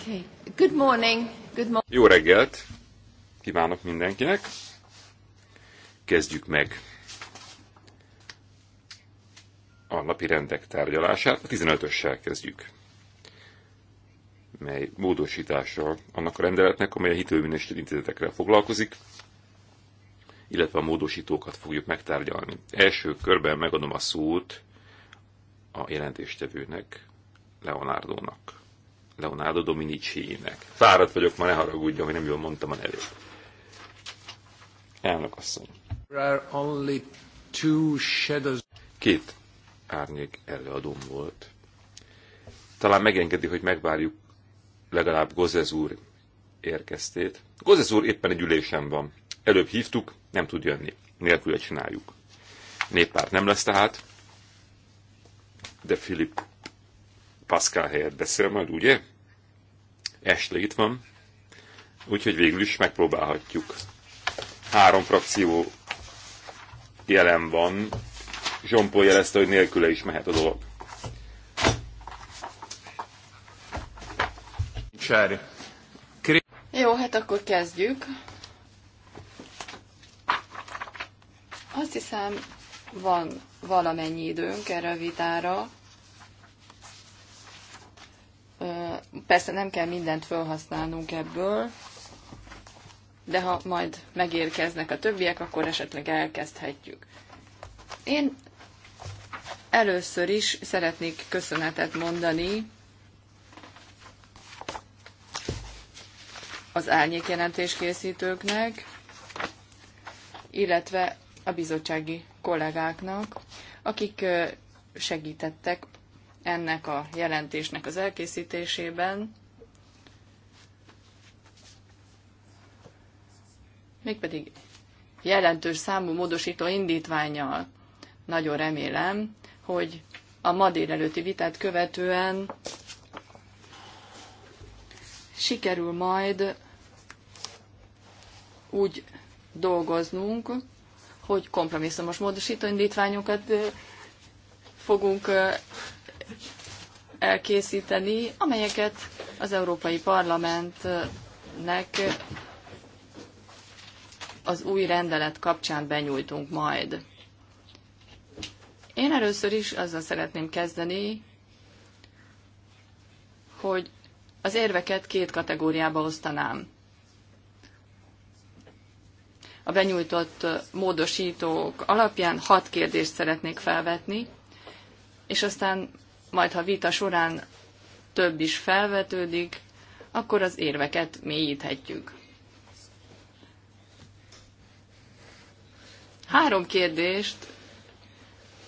Okay. Good morning. Good mo- Jó reggelt! Kívánok mindenkinek! Kezdjük meg a napi rendek tárgyalását. A 15-össel kezdjük, mely módosítása annak a rendeletnek, amely a hitelminősítő intézetekre foglalkozik, illetve a módosítókat fogjuk megtárgyalni. Első körben megadom a szót a jelentéstevőnek, Leonardónak. Leonardo Dominici-nek. Fáradt vagyok, ma ne haragudjon, hogy nem jól mondtam a nevét. Elnök asszony. Két árnyék előadóm volt. Talán megengedi, hogy megvárjuk legalább Gozez úr érkeztét. Gozez úr éppen egy ülésen van. Előbb hívtuk, nem tud jönni. Nélkül csináljuk. Néppárt nem lesz tehát, de Filip Pascal helyett beszél majd, ugye? Ashley itt van, úgyhogy végül is megpróbálhatjuk. Három frakció jelen van. Zsompó jelezte, hogy nélküle is mehet a dolog. Csári. Jó, hát akkor kezdjük. Azt hiszem, van valamennyi időnk erre a vitára. Persze nem kell mindent felhasználnunk ebből, de ha majd megérkeznek a többiek, akkor esetleg elkezdhetjük. Én először is szeretnék köszönetet mondani az árnyékjelentés készítőknek, illetve a bizottsági kollégáknak, akik segítettek ennek a jelentésnek az elkészítésében, mégpedig jelentős számú módosító indítványjal. Nagyon remélem, hogy a ma délelőtti vitát követően sikerül majd úgy dolgoznunk, hogy kompromisszumos módosító indítványokat eh, fogunk eh, elkészíteni, amelyeket az Európai Parlamentnek az új rendelet kapcsán benyújtunk majd. Én először is azzal szeretném kezdeni, hogy az érveket két kategóriába osztanám. A benyújtott módosítók alapján hat kérdést szeretnék felvetni, és aztán majd ha vita során több is felvetődik, akkor az érveket mélyíthetjük. Három kérdést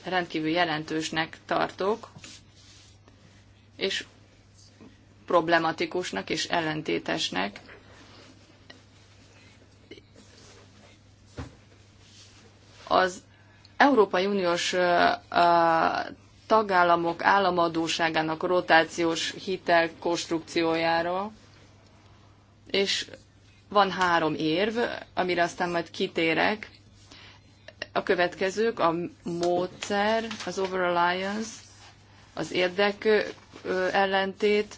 rendkívül jelentősnek tartok, és problematikusnak és ellentétesnek. Az Európai Uniós tagállamok államadóságának rotációs hitel konstrukciójáról, és van három érv, amire aztán majd kitérek. A következők a módszer, az overalliance, az érdek ellentét,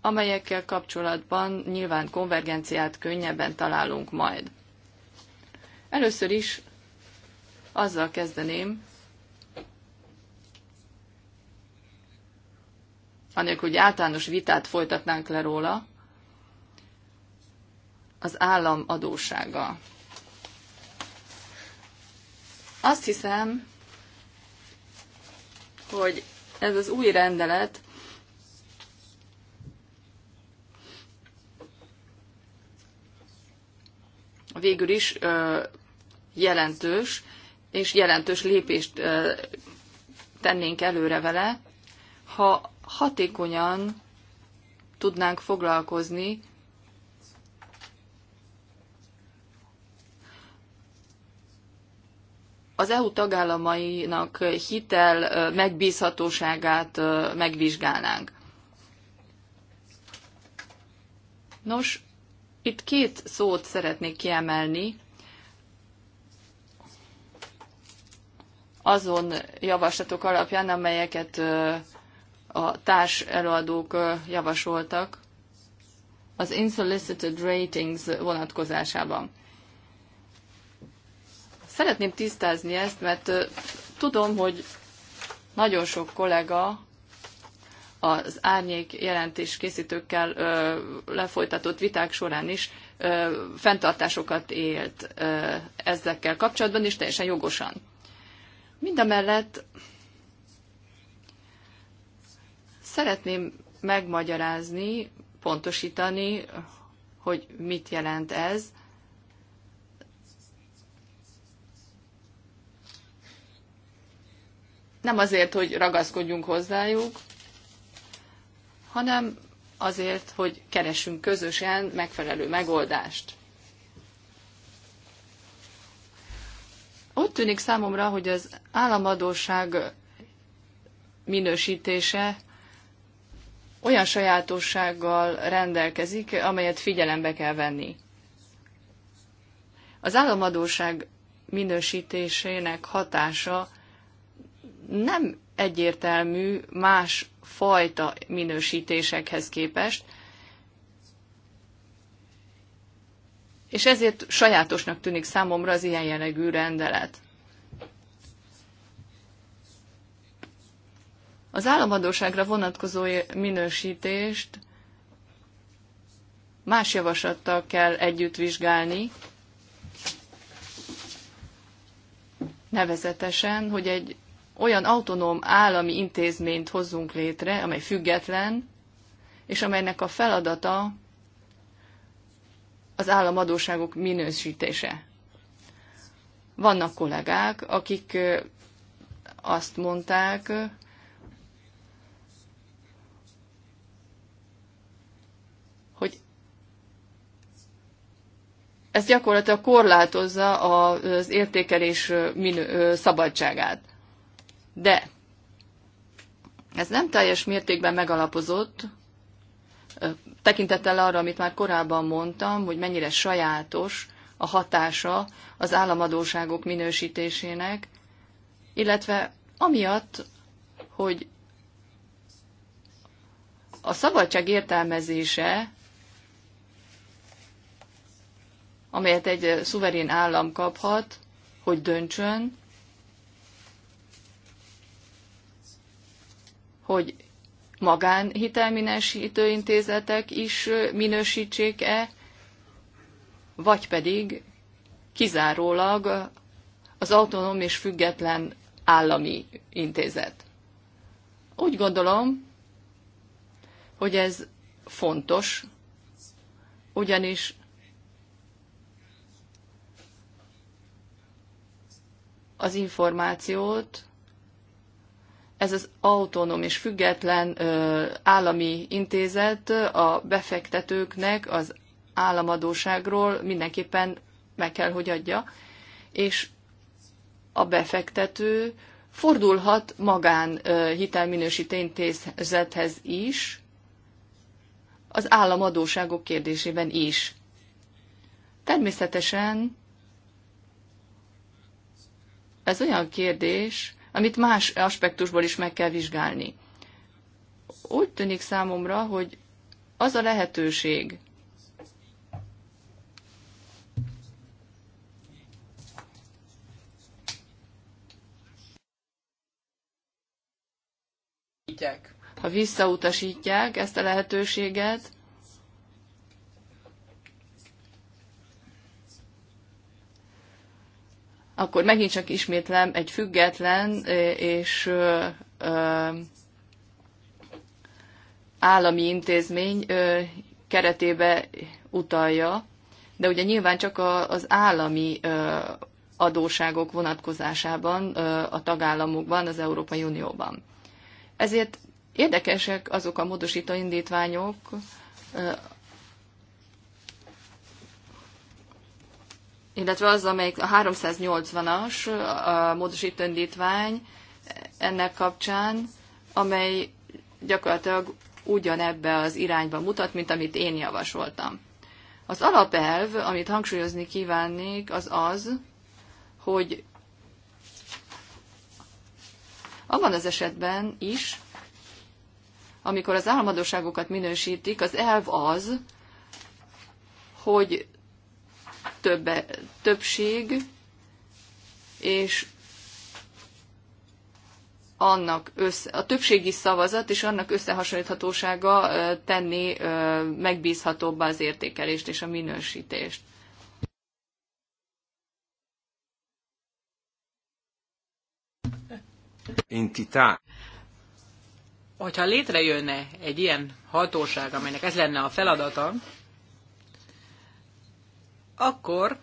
amelyekkel kapcsolatban nyilván konvergenciát könnyebben találunk majd. Először is azzal kezdeném, anélkül, hogy általános vitát folytatnánk le róla, az állam adósága. Azt hiszem, hogy ez az új rendelet végül is ö, jelentős, és jelentős lépést ö, tennénk előre vele, ha hatékonyan tudnánk foglalkozni az EU tagállamainak hitel megbízhatóságát megvizsgálnánk. Nos, itt két szót szeretnék kiemelni azon javaslatok alapján, amelyeket a társ előadók javasoltak az Insolicited Ratings vonatkozásában. Szeretném tisztázni ezt, mert tudom, hogy nagyon sok kollega az árnyék jelentés készítőkkel ö, lefolytatott viták során is ö, fenntartásokat élt ö, ezekkel kapcsolatban, és teljesen jogosan. Mindemellett Szeretném megmagyarázni, pontosítani, hogy mit jelent ez. Nem azért, hogy ragaszkodjunk hozzájuk, hanem azért, hogy keresünk közösen megfelelő megoldást. Ott tűnik számomra, hogy az államadóság minősítése olyan sajátossággal rendelkezik, amelyet figyelembe kell venni. Az államadóság minősítésének hatása nem egyértelmű más fajta minősítésekhez képest, és ezért sajátosnak tűnik számomra az ilyen jellegű rendelet. Az államadóságra vonatkozó minősítést más javaslattal kell együtt vizsgálni, nevezetesen, hogy egy olyan autonóm állami intézményt hozzunk létre, amely független, és amelynek a feladata az államadóságok minősítése. Vannak kollégák, akik azt mondták, ez gyakorlatilag korlátozza az értékelés minő, szabadságát. De ez nem teljes mértékben megalapozott, tekintettel arra, amit már korábban mondtam, hogy mennyire sajátos a hatása az államadóságok minősítésének, illetve amiatt, hogy a szabadság értelmezése amelyet egy eh, szuverén állam kaphat, hogy döntsön, hogy magánhitelminősítő intézetek is eh, minősítsék-e, vagy pedig kizárólag az autonóm és független állami intézet. Úgy gondolom, hogy ez fontos, ugyanis az információt, ez az autonóm és független állami intézet a befektetőknek az államadóságról mindenképpen meg kell, hogy adja, és a befektető fordulhat magán hitelminősítő intézethez is, az államadóságok kérdésében is. Természetesen ez olyan kérdés, amit más aspektusból is meg kell vizsgálni. Úgy tűnik számomra, hogy az a lehetőség, ha visszautasítják ezt a lehetőséget, akkor megint csak ismétlem, egy független és állami intézmény keretébe utalja, de ugye nyilván csak az állami adóságok vonatkozásában a tagállamokban, az Európai Unióban. Ezért érdekesek azok a módosító indítványok, illetve az, amelyik a 380-as a módosító indítvány ennek kapcsán, amely gyakorlatilag ugyanebbe az irányba mutat, mint amit én javasoltam. Az alapelv, amit hangsúlyozni kívánnék, az az, hogy abban az esetben is, amikor az államadóságokat minősítik, az elv az, hogy többe, többség, és annak össze, a többségi szavazat és annak összehasonlíthatósága tenni megbízhatóbbá az értékelést és a minősítést. Entitá. Hogyha létrejönne egy ilyen hatóság, amelynek ez lenne a feladata, akkor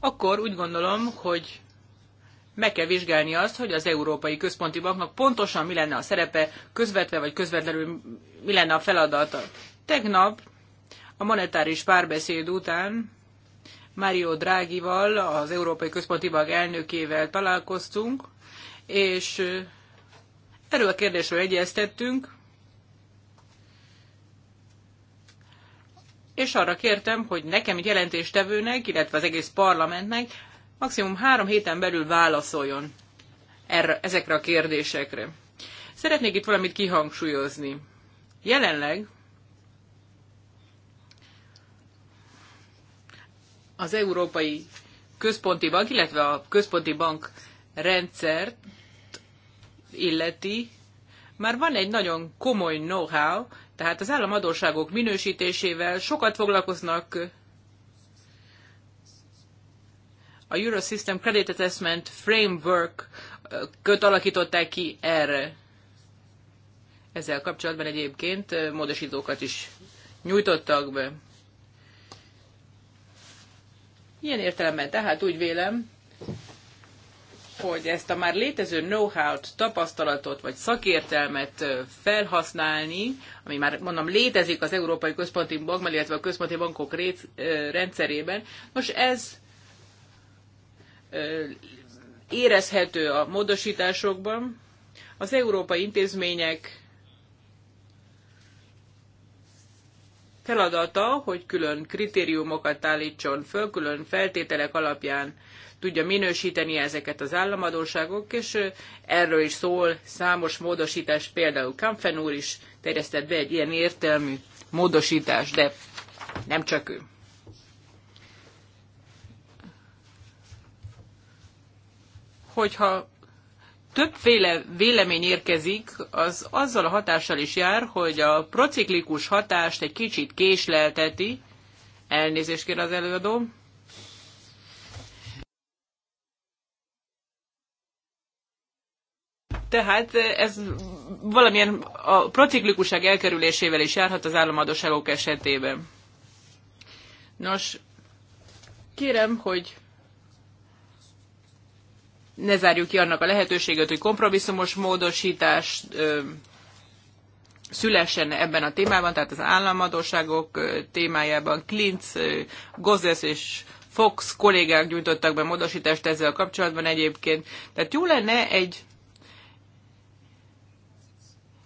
akkor úgy gondolom, hogy meg kell vizsgálni azt, hogy az Európai Központi Banknak pontosan mi lenne a szerepe, közvetve vagy közvetlenül mi lenne a feladata. Tegnap a monetáris párbeszéd után Mario Drágival, az Európai Központi Bank elnökével találkoztunk, és erről a kérdésről egyeztettünk, és arra kértem, hogy nekem egy jelentéstevőnek, illetve az egész parlamentnek maximum három héten belül válaszoljon erre, ezekre a kérdésekre. Szeretnék itt valamit kihangsúlyozni. Jelenleg az Európai Központi Bank, illetve a Központi Bank rendszert illeti, már van egy nagyon komoly know-how, tehát az államadóságok minősítésével sokat foglalkoznak a Eurosystem Credit Assessment Framework köt alakították ki erre. Ezzel kapcsolatban egyébként módosítókat is nyújtottak be. Ilyen értelemben tehát úgy vélem, hogy ezt a már létező know-how-t, tapasztalatot vagy szakértelmet felhasználni, ami már mondom létezik az Európai Központi Bankban, illetve a központi bankok rendszerében, most ez érezhető a módosításokban. Az európai intézmények feladata, hogy külön kritériumokat állítson föl, külön feltételek alapján tudja minősíteni ezeket az államadóságok, és erről is szól számos módosítás, például Kampfen úr is terjesztett be egy ilyen értelmű módosítás, de nem csak ő. Hogyha többféle vélemény érkezik, az azzal a hatással is jár, hogy a prociklikus hatást egy kicsit késlelteti. Elnézést kér az előadó. Tehát ez valamilyen a prociklikuság elkerülésével is járhat az államadóságok esetében. Nos, kérem, hogy ne zárjuk ki annak a lehetőséget, hogy kompromisszumos módosítás szülessen ebben a témában, tehát az államadóságok témájában Klinc, Gozes és Fox kollégák gyújtottak be módosítást ezzel a kapcsolatban egyébként. Tehát jó lenne egy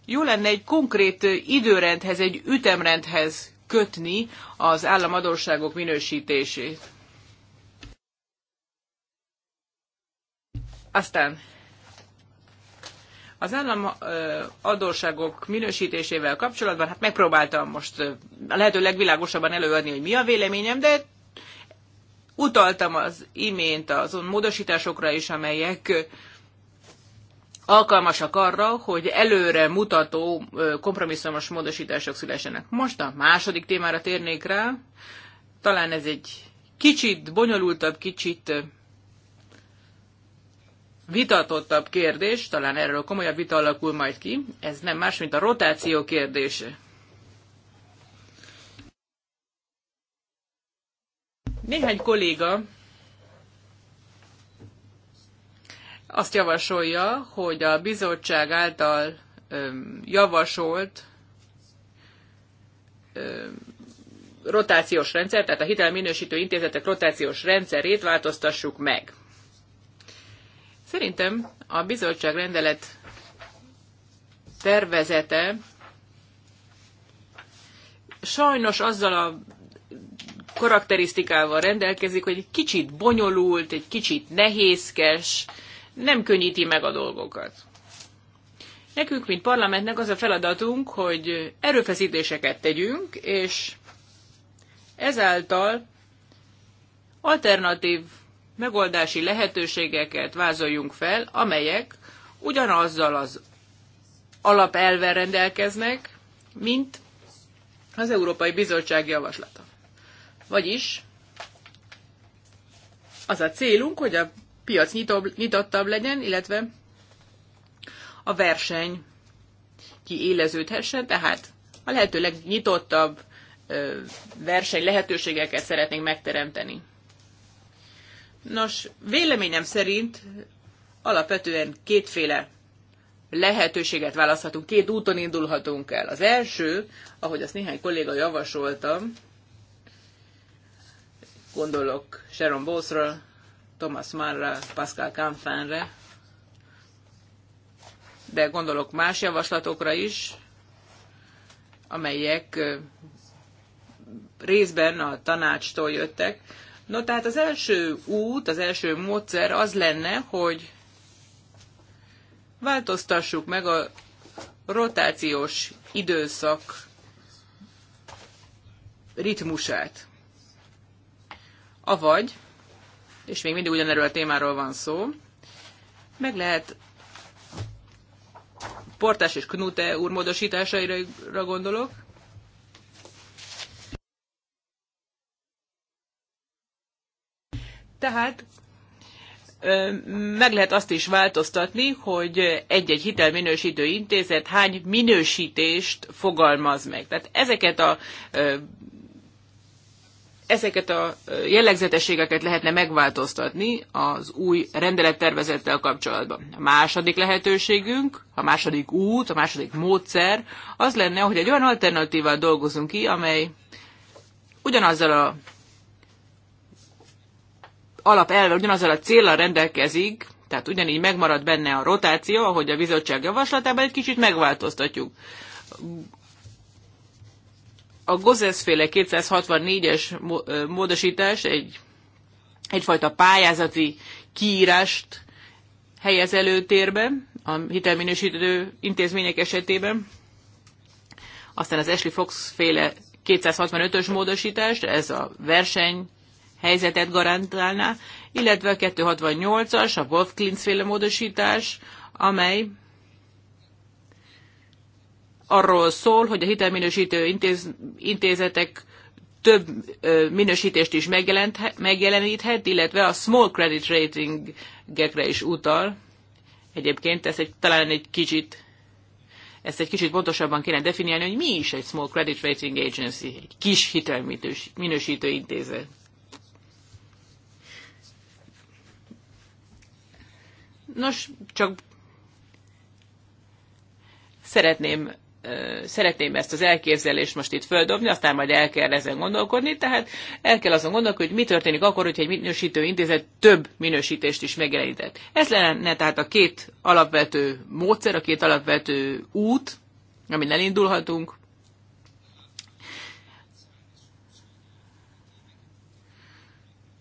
jó lenne egy konkrét időrendhez, egy ütemrendhez kötni az államadóságok minősítését. Aztán az állam adósságok minősítésével kapcsolatban, hát megpróbáltam most a lehető legvilágosabban előadni, hogy mi a véleményem, de utaltam az imént azon módosításokra is, amelyek alkalmasak arra, hogy előre mutató kompromisszumos módosítások szülessenek. Most a második témára térnék rá, talán ez egy kicsit bonyolultabb, kicsit vitatottabb kérdés, talán erről komolyabb vita alakul majd ki, ez nem más, mint a rotáció kérdése. Néhány kolléga azt javasolja, hogy a bizottság által javasolt rotációs rendszer, tehát a hitelminősítő intézetek rotációs rendszerét változtassuk meg. Szerintem a bizottság rendelet tervezete sajnos azzal a karakterisztikával rendelkezik, hogy egy kicsit bonyolult, egy kicsit nehézkes, nem könnyíti meg a dolgokat. Nekünk, mint parlamentnek az a feladatunk, hogy erőfeszítéseket tegyünk, és ezáltal alternatív megoldási lehetőségeket vázoljunk fel, amelyek ugyanazzal az alapelvel rendelkeznek, mint az Európai Bizottság javaslata. Vagyis az a célunk, hogy a piac nyitóbb, nyitottabb legyen, illetve a verseny kiéleződhessen, tehát a lehető legnyitottabb verseny lehetőségeket szeretnénk megteremteni. Nos, véleményem szerint alapvetően kétféle lehetőséget választhatunk, két úton indulhatunk el. Az első, ahogy azt néhány kolléga javasoltam, gondolok Sharon Bowlesra, Thomas Marra, Pascal Canfanre, de gondolok más javaslatokra is, amelyek részben a tanácstól jöttek. No, tehát az első út, az első módszer az lenne, hogy változtassuk meg a rotációs időszak ritmusát. Avagy, és még mindig ugyanerről a témáról van szó, meg lehet Portás és Knute úr módosításaira gondolok, Tehát meg lehet azt is változtatni, hogy egy-egy hitelminősítő intézet hány minősítést fogalmaz meg. Tehát ezeket a ezeket a jellegzetességeket lehetne megváltoztatni az új rendelettervezettel kapcsolatban. A második lehetőségünk, a második út, a második módszer az lenne, hogy egy olyan alternatívát dolgozunk ki, amely ugyanazzal a alapelve ugyanazzal a célral rendelkezik, tehát ugyanígy megmarad benne a rotáció, ahogy a bizottság javaslatában egy kicsit megváltoztatjuk. A Gozesz-féle 264-es módosítás egy, egyfajta pályázati kiírást helyez előtérbe a hitelminősítő intézmények esetében. Aztán az Ashley Fox féle 265-ös módosítást, ez a verseny helyzetet garantálná, illetve a 268-as, a Wolf Klintz féle módosítás, amely arról szól, hogy a hitelminősítő intéz, intézetek több ö, minősítést is megjeleníthet, illetve a small credit ratingekre is utal. Egyébként ezt egy, talán egy kicsit ezt egy kicsit pontosabban kéne definiálni, hogy mi is egy Small Credit Rating Agency, egy kis hitelminősítő intézet. Nos, csak szeretném szeretném ezt az elképzelést most itt földobni, aztán majd el kell ezen gondolkodni, tehát el kell azon gondolkodni, hogy mi történik akkor, hogyha egy minősítő intézet több minősítést is megjelenített. Ez lenne tehát a két alapvető módszer, a két alapvető út, amin elindulhatunk.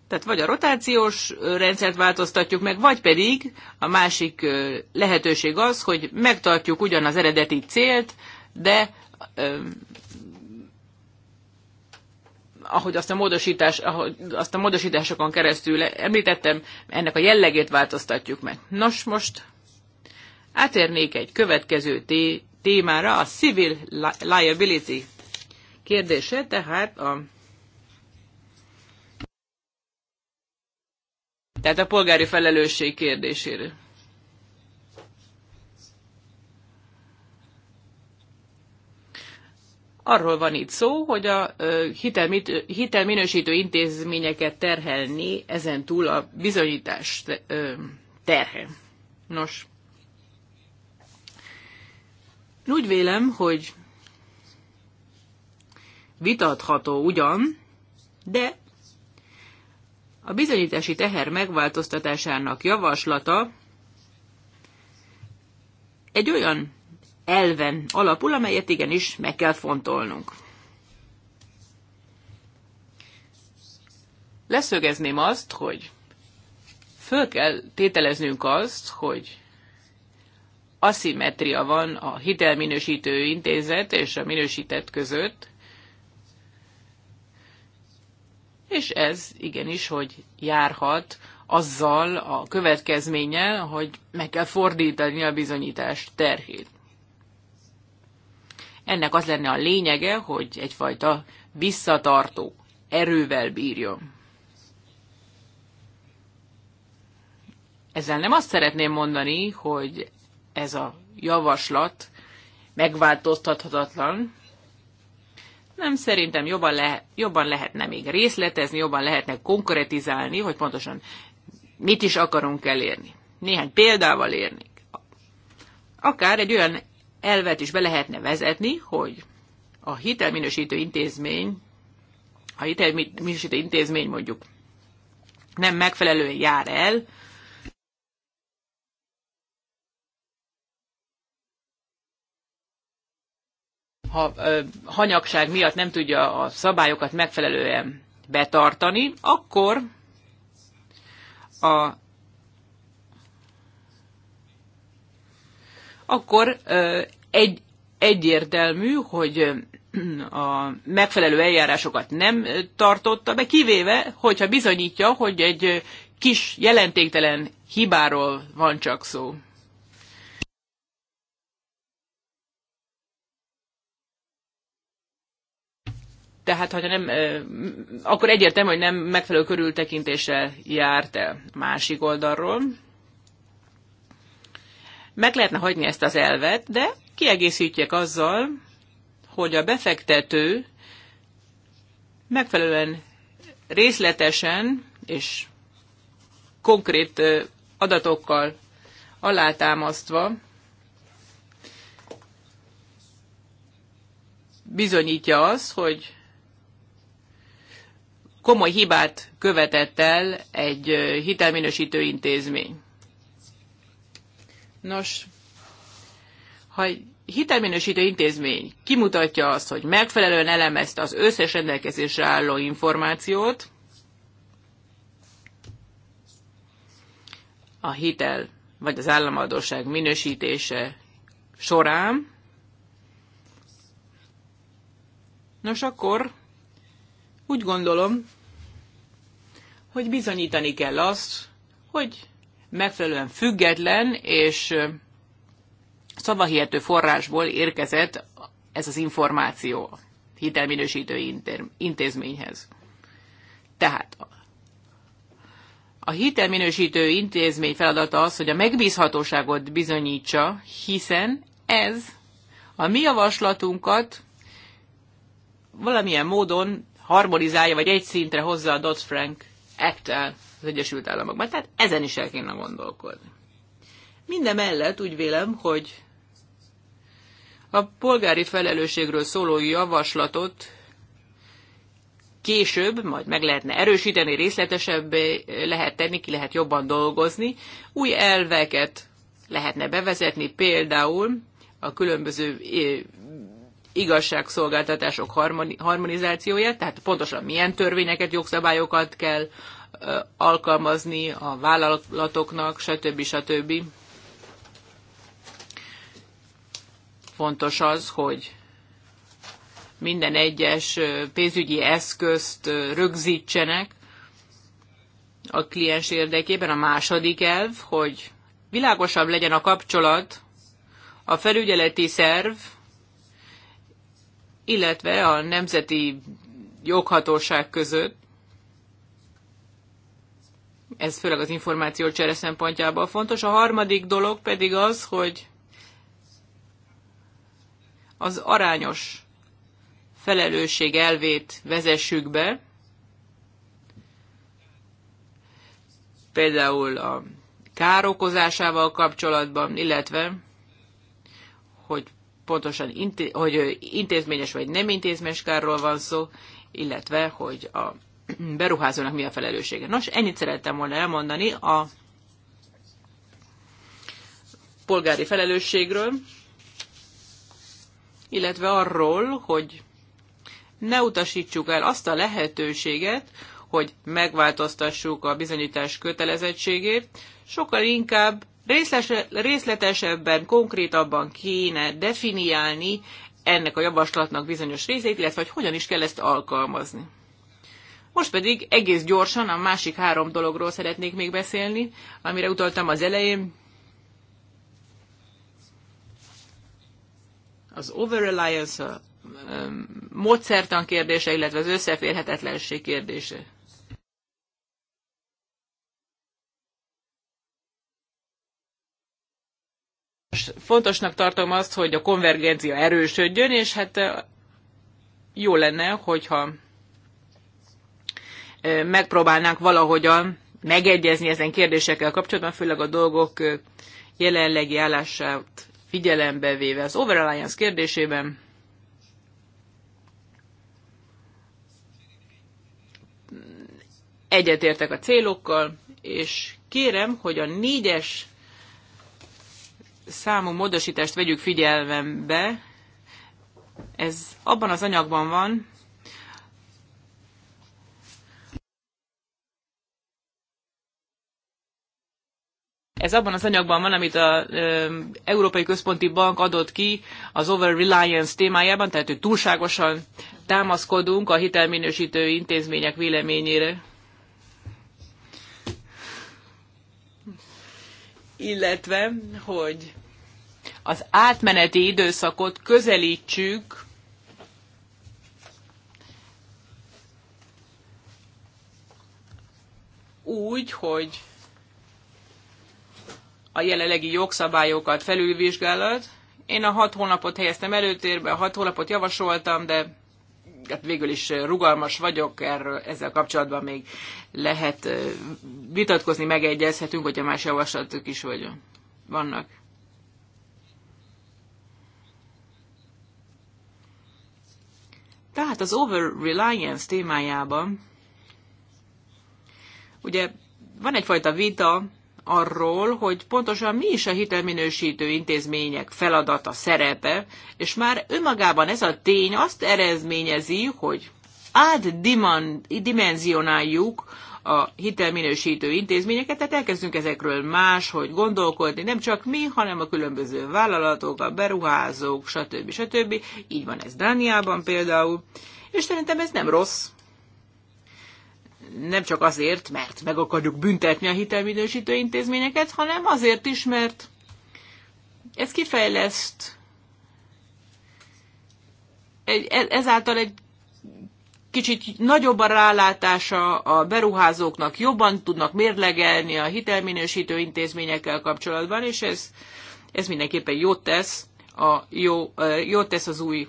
Tehát vagy a rotációs rendszert változtatjuk meg, vagy pedig a másik lehetőség az, hogy megtartjuk ugyan az eredeti célt, de ahogy azt a, módosítás, ahogy azt a módosításokon keresztül említettem, ennek a jellegét változtatjuk meg. Nos, most átérnék egy következő té- témára, a civil liability kérdése, tehát a Tehát a polgári felelősség kérdésére. Arról van itt szó, hogy a hitelmit, hitelminősítő intézményeket terhelni ezen túl a bizonyítás terhe. Nos, úgy vélem, hogy vitatható ugyan, de a bizonyítási teher megváltoztatásának javaslata egy olyan elven alapul, amelyet igenis meg kell fontolnunk. Leszögezném azt, hogy föl kell tételeznünk azt, hogy aszimetria van a hitelminősítő intézet és a minősített között, és ez igenis, hogy járhat azzal a következménye, hogy meg kell fordítani a bizonyítás terhét. Ennek az lenne a lényege, hogy egyfajta visszatartó erővel bírjon. Ezzel nem azt szeretném mondani, hogy ez a javaslat megváltoztathatatlan, nem, szerintem jobban, le, jobban lehetne még részletezni, jobban lehetne konkretizálni, hogy pontosan mit is akarunk elérni. Néhány példával érni. Akár egy olyan elvet is be lehetne vezetni, hogy a hitelminősítő intézmény, a hitelminősítő intézmény mondjuk nem megfelelően jár el, ha ö, hanyagság miatt nem tudja a szabályokat megfelelően betartani, akkor a akkor ö, egy, egyértelmű, hogy a megfelelő eljárásokat nem tartotta be, kivéve, hogyha bizonyítja, hogy egy kis jelentéktelen hibáról van csak szó. tehát ha nem, akkor egyértelmű, hogy nem megfelelő körültekintéssel járt el másik oldalról. Meg lehetne hagyni ezt az elvet, de kiegészítjek azzal, hogy a befektető megfelelően részletesen és konkrét adatokkal alátámasztva bizonyítja az, hogy komoly hibát követett el egy hitelminősítő intézmény. Nos, ha egy hitelminősítő intézmény kimutatja azt, hogy megfelelően elemezte az összes rendelkezésre álló információt, a hitel vagy az államadóság minősítése során, nos akkor úgy gondolom, hogy bizonyítani kell azt, hogy megfelelően független és szavahihető forrásból érkezett ez az információ a hitelminősítő intézményhez. Tehát a hitelminősítő intézmény feladata az, hogy a megbízhatóságot bizonyítsa, hiszen ez a mi javaslatunkat valamilyen módon harmonizálja, vagy egy szintre hozza a Dodd-Frank act az Egyesült Államokban. Tehát ezen is el kéne gondolkodni. Minden mellett úgy vélem, hogy a polgári felelősségről szóló javaslatot később majd meg lehetne erősíteni, részletesebbé lehet tenni, ki lehet jobban dolgozni. Új elveket lehetne bevezetni, például a különböző igazságszolgáltatások harmonizációját, tehát pontosan milyen törvényeket, jogszabályokat kell alkalmazni a vállalatoknak, stb. stb. Fontos az, hogy minden egyes pénzügyi eszközt rögzítsenek a kliens érdekében. A második elv, hogy világosabb legyen a kapcsolat a felügyeleti szerv illetve a nemzeti joghatóság között, ez főleg az csere szempontjából fontos. A harmadik dolog pedig az, hogy az arányos felelősség elvét vezessük be, például a károkozásával kapcsolatban, illetve hogy pontosan inté- hogy intézményes vagy nem intézményes kárról van szó, illetve hogy a beruházónak mi a felelőssége. Nos, ennyit szerettem volna elmondani a polgári felelősségről, illetve arról, hogy ne utasítsuk el azt a lehetőséget, hogy megváltoztassuk a bizonyítás kötelezettségét, sokkal inkább részletesebben, konkrétabban kéne definiálni ennek a javaslatnak bizonyos részét, illetve hogy hogyan is kell ezt alkalmazni. Most pedig egész gyorsan a másik három dologról szeretnék még beszélni, amire utaltam az elején. Az over-reliance, a módszertan kérdése, illetve az összeférhetetlenség kérdése. Fontosnak tartom azt, hogy a konvergencia erősödjön, és hát jó lenne, hogyha megpróbálnánk valahogyan megegyezni ezen kérdésekkel kapcsolatban, főleg a dolgok jelenlegi állását figyelembe véve az Overalliance kérdésében. Egyetértek a célokkal, és kérem, hogy a négyes számú módosítást vegyük figyelembe. Ez abban az anyagban van, Ez abban az anyagban van, amit az Európai Központi Bank adott ki az over-reliance témájában, tehát hogy túlságosan támaszkodunk a hitelminősítő intézmények véleményére. illetve hogy az átmeneti időszakot közelítsük úgy, hogy a jelenlegi jogszabályokat felülvizsgálat. Én a hat hónapot helyeztem előtérbe, a hat hónapot javasoltam, de hát végül is eh, rugalmas vagyok, erről ezzel kapcsolatban még lehet eh, vitatkozni, megegyezhetünk, hogyha más javaslatok is vagy vannak. Tehát az over-reliance témájában ugye van egyfajta vita arról, hogy pontosan mi is a hitelminősítő intézmények feladata, szerepe, és már önmagában ez a tény azt eredményezi, hogy átdimenzionáljuk a hitelminősítő intézményeket, tehát elkezdünk ezekről más, hogy gondolkodni, nem csak mi, hanem a különböző vállalatok, a beruházók, stb. stb. Így van ez Dániában például, és szerintem ez nem rossz nem csak azért, mert meg akarjuk büntetni a hitelminősítő intézményeket, hanem azért is, mert ez kifejleszt egy, e- ezáltal egy kicsit nagyobb a rálátása a beruházóknak, jobban tudnak mérlegelni a hitelminősítő intézményekkel kapcsolatban, és ez, ez mindenképpen jót tesz, a jó, e- jót tesz az új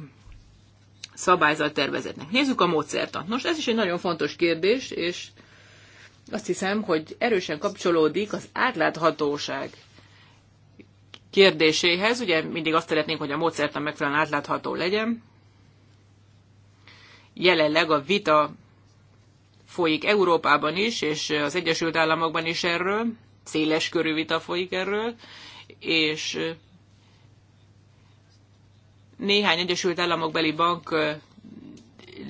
szabályzattervezetnek. Nézzük a módszertant. Nos, ez is egy nagyon fontos kérdés, és azt hiszem, hogy erősen kapcsolódik az átláthatóság kérdéséhez. Ugye mindig azt szeretnénk, hogy a módszertan megfelelően átlátható legyen. Jelenleg a vita folyik Európában is, és az Egyesült Államokban is erről, széles körű vita folyik erről, és néhány Egyesült Államokbeli bank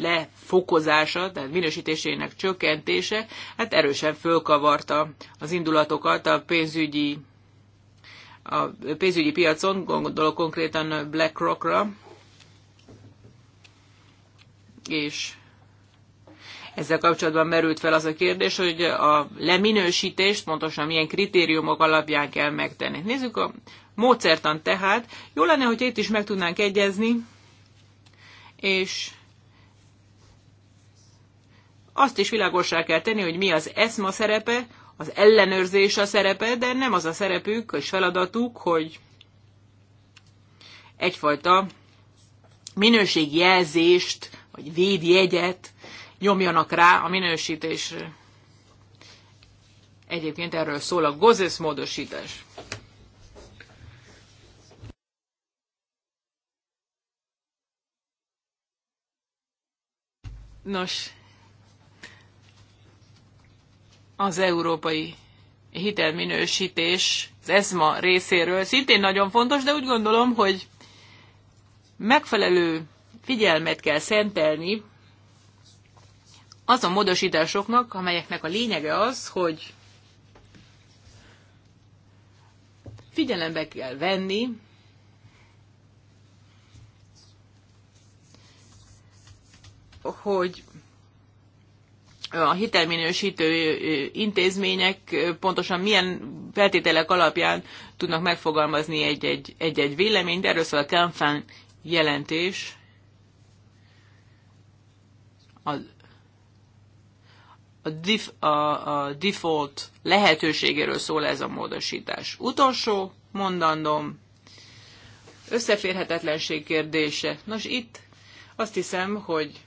lefokozása, tehát minősítésének csökkentése, hát erősen fölkavarta az indulatokat a pénzügyi, a pénzügyi piacon, gondolok konkrétan BlackRockra, és ezzel kapcsolatban merült fel az a kérdés, hogy a leminősítést pontosan milyen kritériumok alapján kell megtenni. Nézzük a módszertan tehát. Jó lenne, hogy itt is meg tudnánk egyezni, és azt is világosá kell tenni, hogy mi az ESMA szerepe, az ellenőrzés a szerepe, de nem az a szerepük és feladatuk, hogy egyfajta minőségjelzést, vagy védjegyet nyomjanak rá a minősítésre. Egyébként erről szól a gozes módosítás. Nos, az európai hitelminősítés az ESMA részéről szintén nagyon fontos, de úgy gondolom, hogy megfelelő figyelmet kell szentelni azon módosításoknak, amelyeknek a lényege az, hogy figyelembe kell venni hogy a hitelminősítő intézmények pontosan milyen feltételek alapján tudnak megfogalmazni egy-egy véleményt. Erről szól a Kempfán jelentés. A, a, dif, a, a default lehetőségéről szól ez a módosítás. Utolsó mondandom, összeférhetetlenség kérdése. Nos, itt azt hiszem, hogy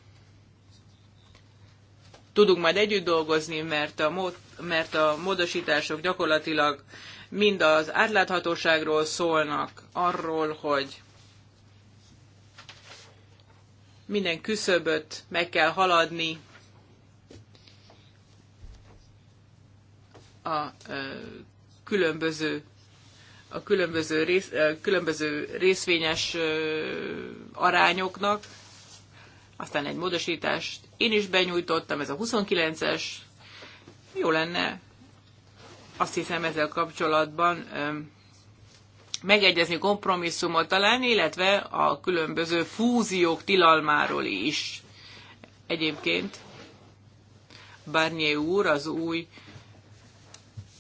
tudunk majd együtt dolgozni, mert a, mód, mert a módosítások gyakorlatilag mind az átláthatóságról szólnak, arról, hogy minden küszöböt meg kell haladni a különböző a különböző, rész, különböző részvényes arányoknak. Aztán egy módosítást én is benyújtottam, ez a 29-es. Jó lenne, azt hiszem ezzel kapcsolatban megegyezni kompromisszumot találni, illetve a különböző fúziók tilalmáról is. Egyébként Barnier úr az új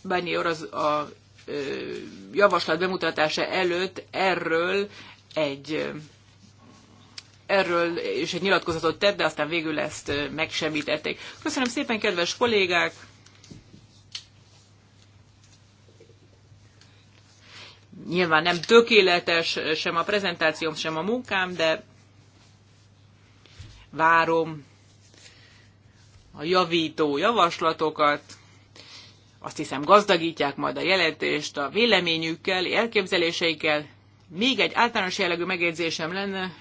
Barnier úr az a javaslat bemutatása előtt erről egy erről is egy nyilatkozatot tett, de aztán végül ezt megsemmitették. Köszönöm szépen, kedves kollégák! Nyilván nem tökéletes sem a prezentációm, sem a munkám, de várom a javító javaslatokat, azt hiszem gazdagítják majd a jelentést a véleményükkel, elképzeléseikkel. Még egy általános jellegű megjegyzésem lenne,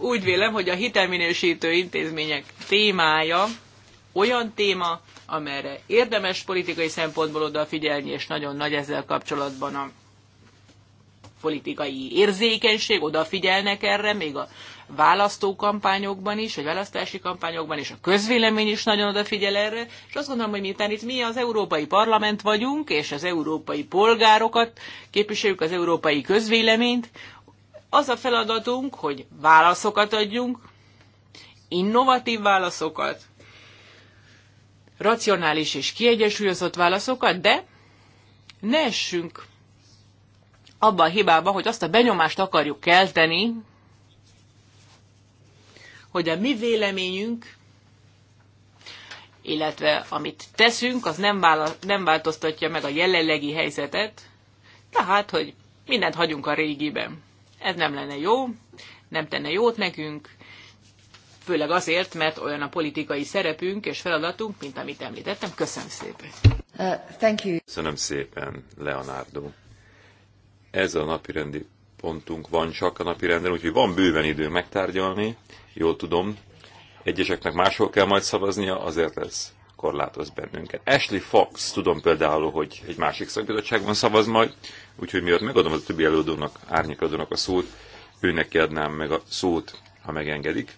Úgy vélem, hogy a hitelminősítő intézmények témája olyan téma, amelyre érdemes politikai szempontból odafigyelni, és nagyon nagy ezzel kapcsolatban a politikai érzékenység, odafigyelnek erre, még a választókampányokban is, vagy választási kampányokban is, a közvélemény is nagyon odafigyel erre, és azt gondolom, hogy miután itt mi az Európai Parlament vagyunk, és az európai polgárokat képviseljük, az európai közvéleményt, az a feladatunk, hogy válaszokat adjunk, innovatív válaszokat, racionális és kiegyensúlyozott válaszokat, de ne essünk abba a hibában, hogy azt a benyomást akarjuk kelteni, hogy a mi véleményünk, illetve amit teszünk, az nem, vála, nem változtatja meg a jelenlegi helyzetet, tehát, hogy mindent hagyunk a régiben. Ez nem lenne jó, nem tenne jót nekünk, főleg azért, mert olyan a politikai szerepünk és feladatunk, mint amit említettem. Köszönöm szépen. Uh, thank you. Köszönöm szépen, Leonardo. Ez a napirendi pontunk van csak a napirenden, úgyhogy van bőven idő megtárgyalni, jól tudom. Egyeseknek máshol kell majd szavaznia, azért lesz korlátoz bennünket. Ashley Fox, tudom például, hogy egy másik szakbizottságban szavaz majd, Úgyhogy miatt megadom a többi előadónak, árnyékadónak a szót, őnek kiadnám meg a szót, ha megengedik.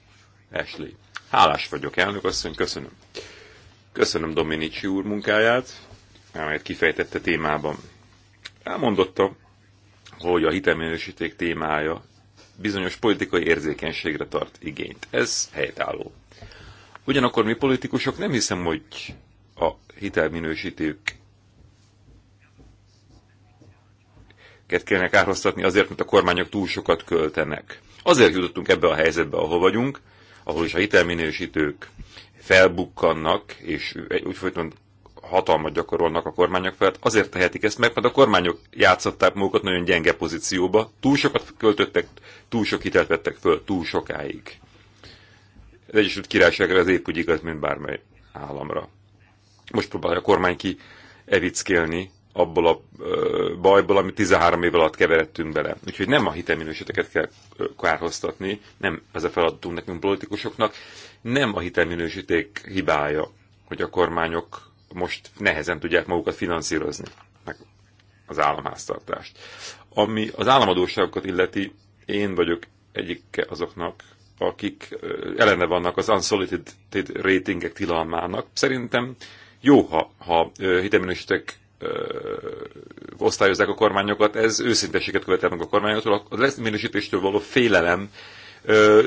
Ashley. Hálás vagyok, elnök asszony, köszönöm. Köszönöm Dominici úr munkáját, amelyet kifejtette témában. Elmondotta, hogy a hitelminősíték témája bizonyos politikai érzékenységre tart igényt. Ez helytálló. Ugyanakkor mi politikusok nem hiszem, hogy a hitelminősítők embereket kellene kárhoztatni azért, mert a kormányok túl sokat költenek. Azért jutottunk ebbe a helyzetbe, ahol vagyunk, ahol is a hitelminősítők felbukkannak, és úgy folyton hatalmat gyakorolnak a kormányok felett, azért tehetik ezt meg, mert a kormányok játszották magukat nagyon gyenge pozícióba, túl sokat költöttek, túl sok hitelt vettek föl, túl sokáig. Az Egyesült Királyságra az épp úgy igaz, mint bármely államra. Most próbálja a kormány ki evickélni abból a bajból, amit 13 év alatt keveredtünk bele. Úgyhogy nem a hitelminősíteket kell kárhoztatni, nem ez a feladatunk nekünk politikusoknak, nem a hitelminősíték hibája, hogy a kormányok most nehezen tudják magukat finanszírozni, meg az államháztartást. Ami az államadóságokat illeti, én vagyok egyik azoknak, akik ellene vannak az unsolicited ratingek tilalmának. Szerintem jó, ha, ha hitelminősítek osztályozzák a kormányokat, ez őszintességet követel meg a kormányoktól, a leminősítéstől való félelem ö,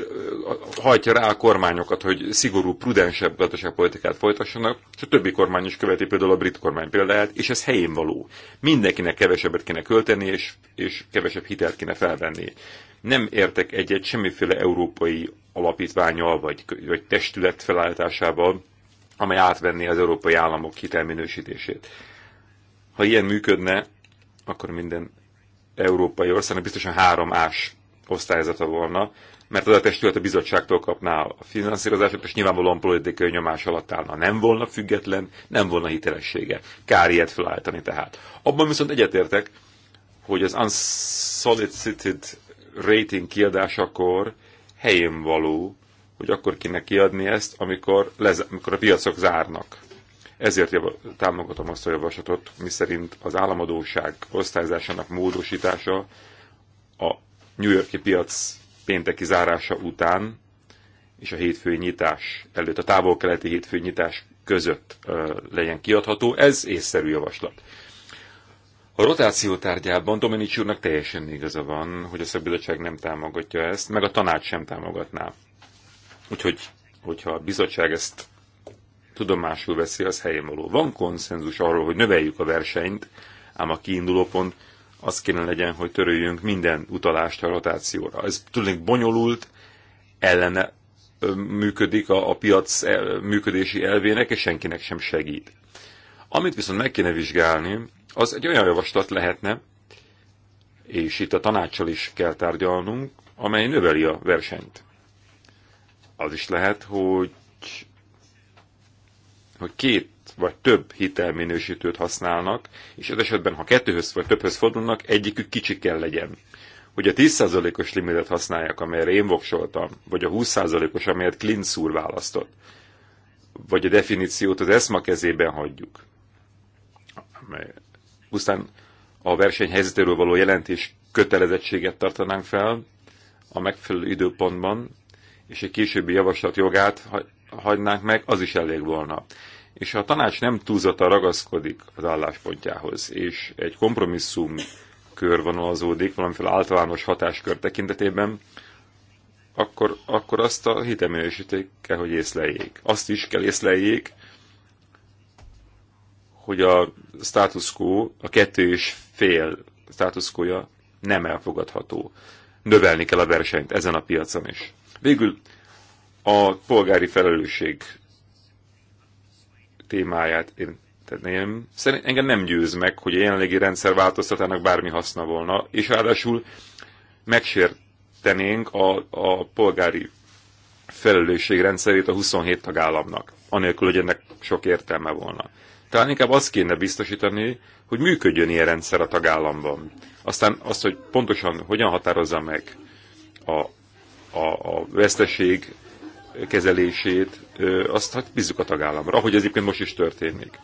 hajtja rá a kormányokat, hogy szigorú, prudensebb gazdaságpolitikát folytassanak, és a többi kormány is követi például a brit kormány példáját, és ez helyén való. Mindenkinek kevesebbet kéne költeni, és, és kevesebb hitelt kéne felvenni. Nem értek egyet semmiféle európai alapítványal, vagy, vagy testület felállításával, amely átvenné az európai államok hitelminősítését. Ha ilyen működne, akkor minden európai országnak biztosan három ás osztályzata volna, mert az a testület a bizottságtól kapná a finanszírozást, és nyilvánvalóan politikai nyomás alatt állna. Nem volna független, nem volna hitelessége. Kár ilyet felállítani tehát. Abban viszont egyetértek, hogy az unsolicited rating kiadásakor helyén való, hogy akkor kéne kiadni ezt, amikor, lez- amikor a piacok zárnak. Ezért támogatom azt a javaslatot, miszerint az államadóság osztályzásának módosítása a New Yorki piac pénteki zárása után és a hétfői nyitás előtt, a távol-keleti hétfői nyitás között legyen kiadható. Ez észszerű javaslat. A rotáció tárgyában Dominics úrnak teljesen igaza van, hogy a szakbizottság nem támogatja ezt, meg a tanács sem támogatná. Úgyhogy, hogyha a bizottság ezt tudomásul veszi, az helyén való. Van konszenzus arról, hogy növeljük a versenyt, ám a kiinduló pont az kéne legyen, hogy törőjünk minden utalást a rotációra. Ez tudnék bonyolult, ellene működik a, a piac el, működési elvének, és senkinek sem segít. Amit viszont meg kéne vizsgálni, az egy olyan javaslat lehetne, és itt a tanácssal is kell tárgyalnunk, amely növeli a versenyt. Az is lehet, hogy hogy két vagy több hitelminősítőt használnak, és ez esetben, ha kettőhöz vagy többhöz fordulnak, egyikük kicsi kell legyen. Hogy a 10%-os limitet használják, amelyre én voksoltam, vagy a 20%-os, amelyet Klintz úr választott, vagy a definíciót az eszma kezében hagyjuk, pusztán a versenyhelyzetéről való jelentés kötelezettséget tartanánk fel a megfelelő időpontban, és egy későbbi javaslat jogát hagynánk meg, az is elég volna. És ha a tanács nem túlzata ragaszkodik az álláspontjához, és egy kompromisszum körvonalazódik valamiféle általános hatáskör tekintetében, akkor, akkor azt a hitemérősíték kell, hogy észleljék. Azt is kell észleljék, hogy a status quo, a kettő és fél status quo-ja nem elfogadható. Növelni kell a versenyt ezen a piacon is. Végül a polgári felelősség témáját én tenném. Szerintem engem nem győz meg, hogy a jelenlegi rendszer változtatának bármi haszna volna, és ráadásul megsértenénk a, a polgári felelősség rendszerét a 27 tagállamnak, anélkül, hogy ennek sok értelme volna. Talán inkább azt kéne biztosítani, hogy működjön ilyen rendszer a tagállamban. Aztán azt, hogy pontosan hogyan határozza meg a, a, a veszteség kezelését, azt hát bízzuk a tagállamra, ahogy ez egyébként most is történik.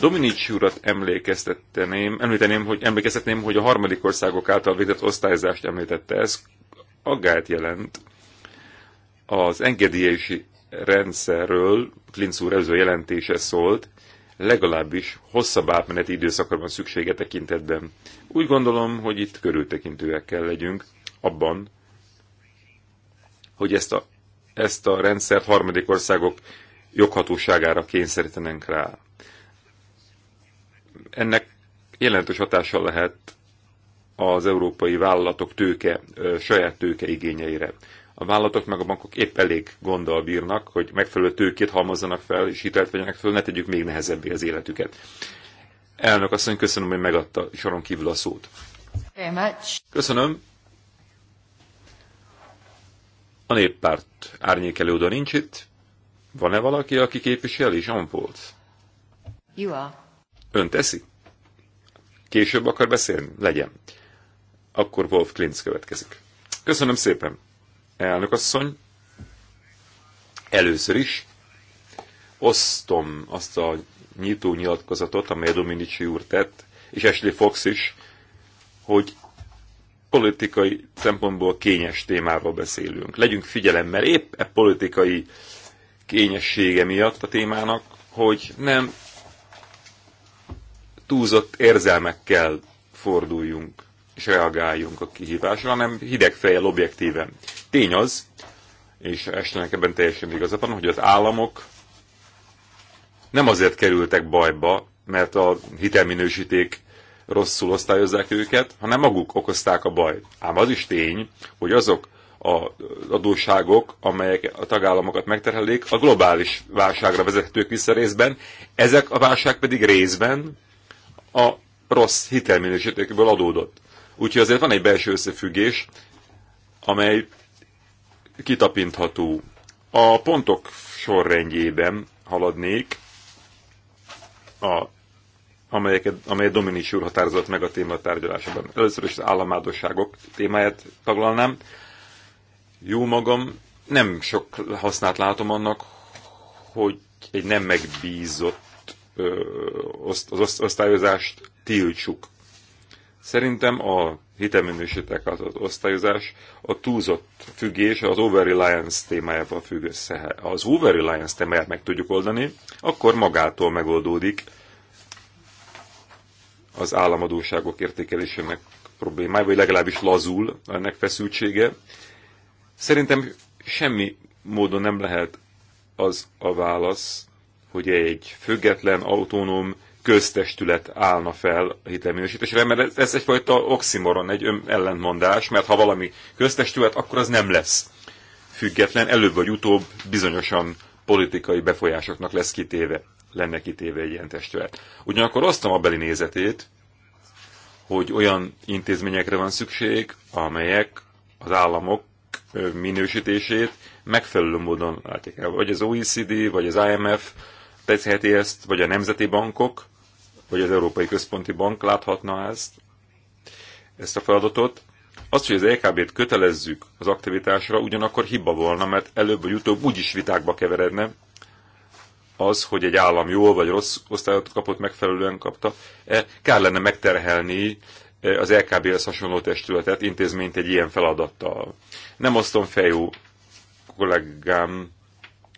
Dominics urat emlékeztetném, említeném, hogy, emlékeztetném, hogy a harmadik országok által végzett osztályzást említette. Ez aggályt jelent az engedélyési rendszerről, Klinc úr előző jelentése szólt, legalábbis hosszabb átmeneti időszakra van szüksége tekintetben. Úgy gondolom, hogy itt körültekintőek kell legyünk abban, hogy ezt a, ezt a rendszert harmadik országok joghatóságára kényszerítenek rá. Ennek jelentős hatása lehet az európai vállalatok tőke, saját tőke igényeire. A vállalatok meg a bankok épp elég gonddal bírnak, hogy megfelelő tőkét halmozzanak fel, és hitelt vegyenek fel, ne tegyük még nehezebbé az életüket. Elnök asszony, köszönöm, hogy megadta soron kívül a szót. Köszönöm. A néppárt árnyékelődő nincs itt. Van-e valaki, aki képviseli Jean Pauls? You are. Ön teszi? Később akar beszélni? Legyen. Akkor Wolf Klintz következik. Köszönöm szépen, elnök asszony. Először is osztom azt a nyitó nyilatkozatot, amely Dominici úr tett, és Ashley Fox is, hogy politikai szempontból kényes témáról beszélünk. Legyünk figyelemmel épp e politikai kényessége miatt a témának, hogy nem túlzott érzelmekkel forduljunk és reagáljunk a kihívásra, hanem hidegfejjel, objektíven. Tény az, és Estenek ebben teljesen igaza hogy az államok nem azért kerültek bajba, mert a hitelminősíték rosszul osztályozzák őket, hanem maguk okozták a bajt. Ám az is tény, hogy azok az adósságok, amelyek a tagállamokat megterhelik, a globális válságra vezethetők vissza részben, ezek a válság pedig részben a rossz hitelminősítőkből adódott. Úgyhogy azért van egy belső összefüggés, amely kitapintható. A pontok sorrendjében haladnék a amelyeket, amelyet Dominics úr határozott meg a téma tárgyalásában. Először is az államádosságok témáját taglalnám. Jó magam, nem sok hasznát látom annak, hogy egy nem megbízott ö, oszt, az osztályozást tiltsuk. Szerintem a hitelminősítek az osztályozás a túlzott függés az over-reliance témájával függ össze. Ha az over-reliance témáját meg tudjuk oldani, akkor magától megoldódik az államadóságok értékelésének problémája, vagy legalábbis lazul ennek feszültsége. Szerintem semmi módon nem lehet az a válasz, hogy egy független, autonóm köztestület állna fel a hitelminősítésre, mert ez egyfajta oximoron, egy ellentmondás, mert ha valami köztestület, akkor az nem lesz független, előbb vagy utóbb bizonyosan politikai befolyásoknak lesz kitéve lenne kitéve egy ilyen testület. Ugyanakkor osztom a beli nézetét, hogy olyan intézményekre van szükség, amelyek az államok minősítését megfelelő módon látják el. Vagy az OECD, vagy az IMF tetszheti ezt, vagy a nemzeti bankok, vagy az Európai Központi Bank láthatna ezt, ezt a feladatot. Azt, hogy az EKB-t kötelezzük az aktivitásra, ugyanakkor hiba volna, mert előbb vagy utóbb úgyis vitákba keveredne, az, hogy egy állam jól vagy rossz osztályot kapott, megfelelően kapta. E, kár lenne megterhelni e, az LKB-hez hasonló testületet, intézményt egy ilyen feladattal. Nem osztom fejú kollégám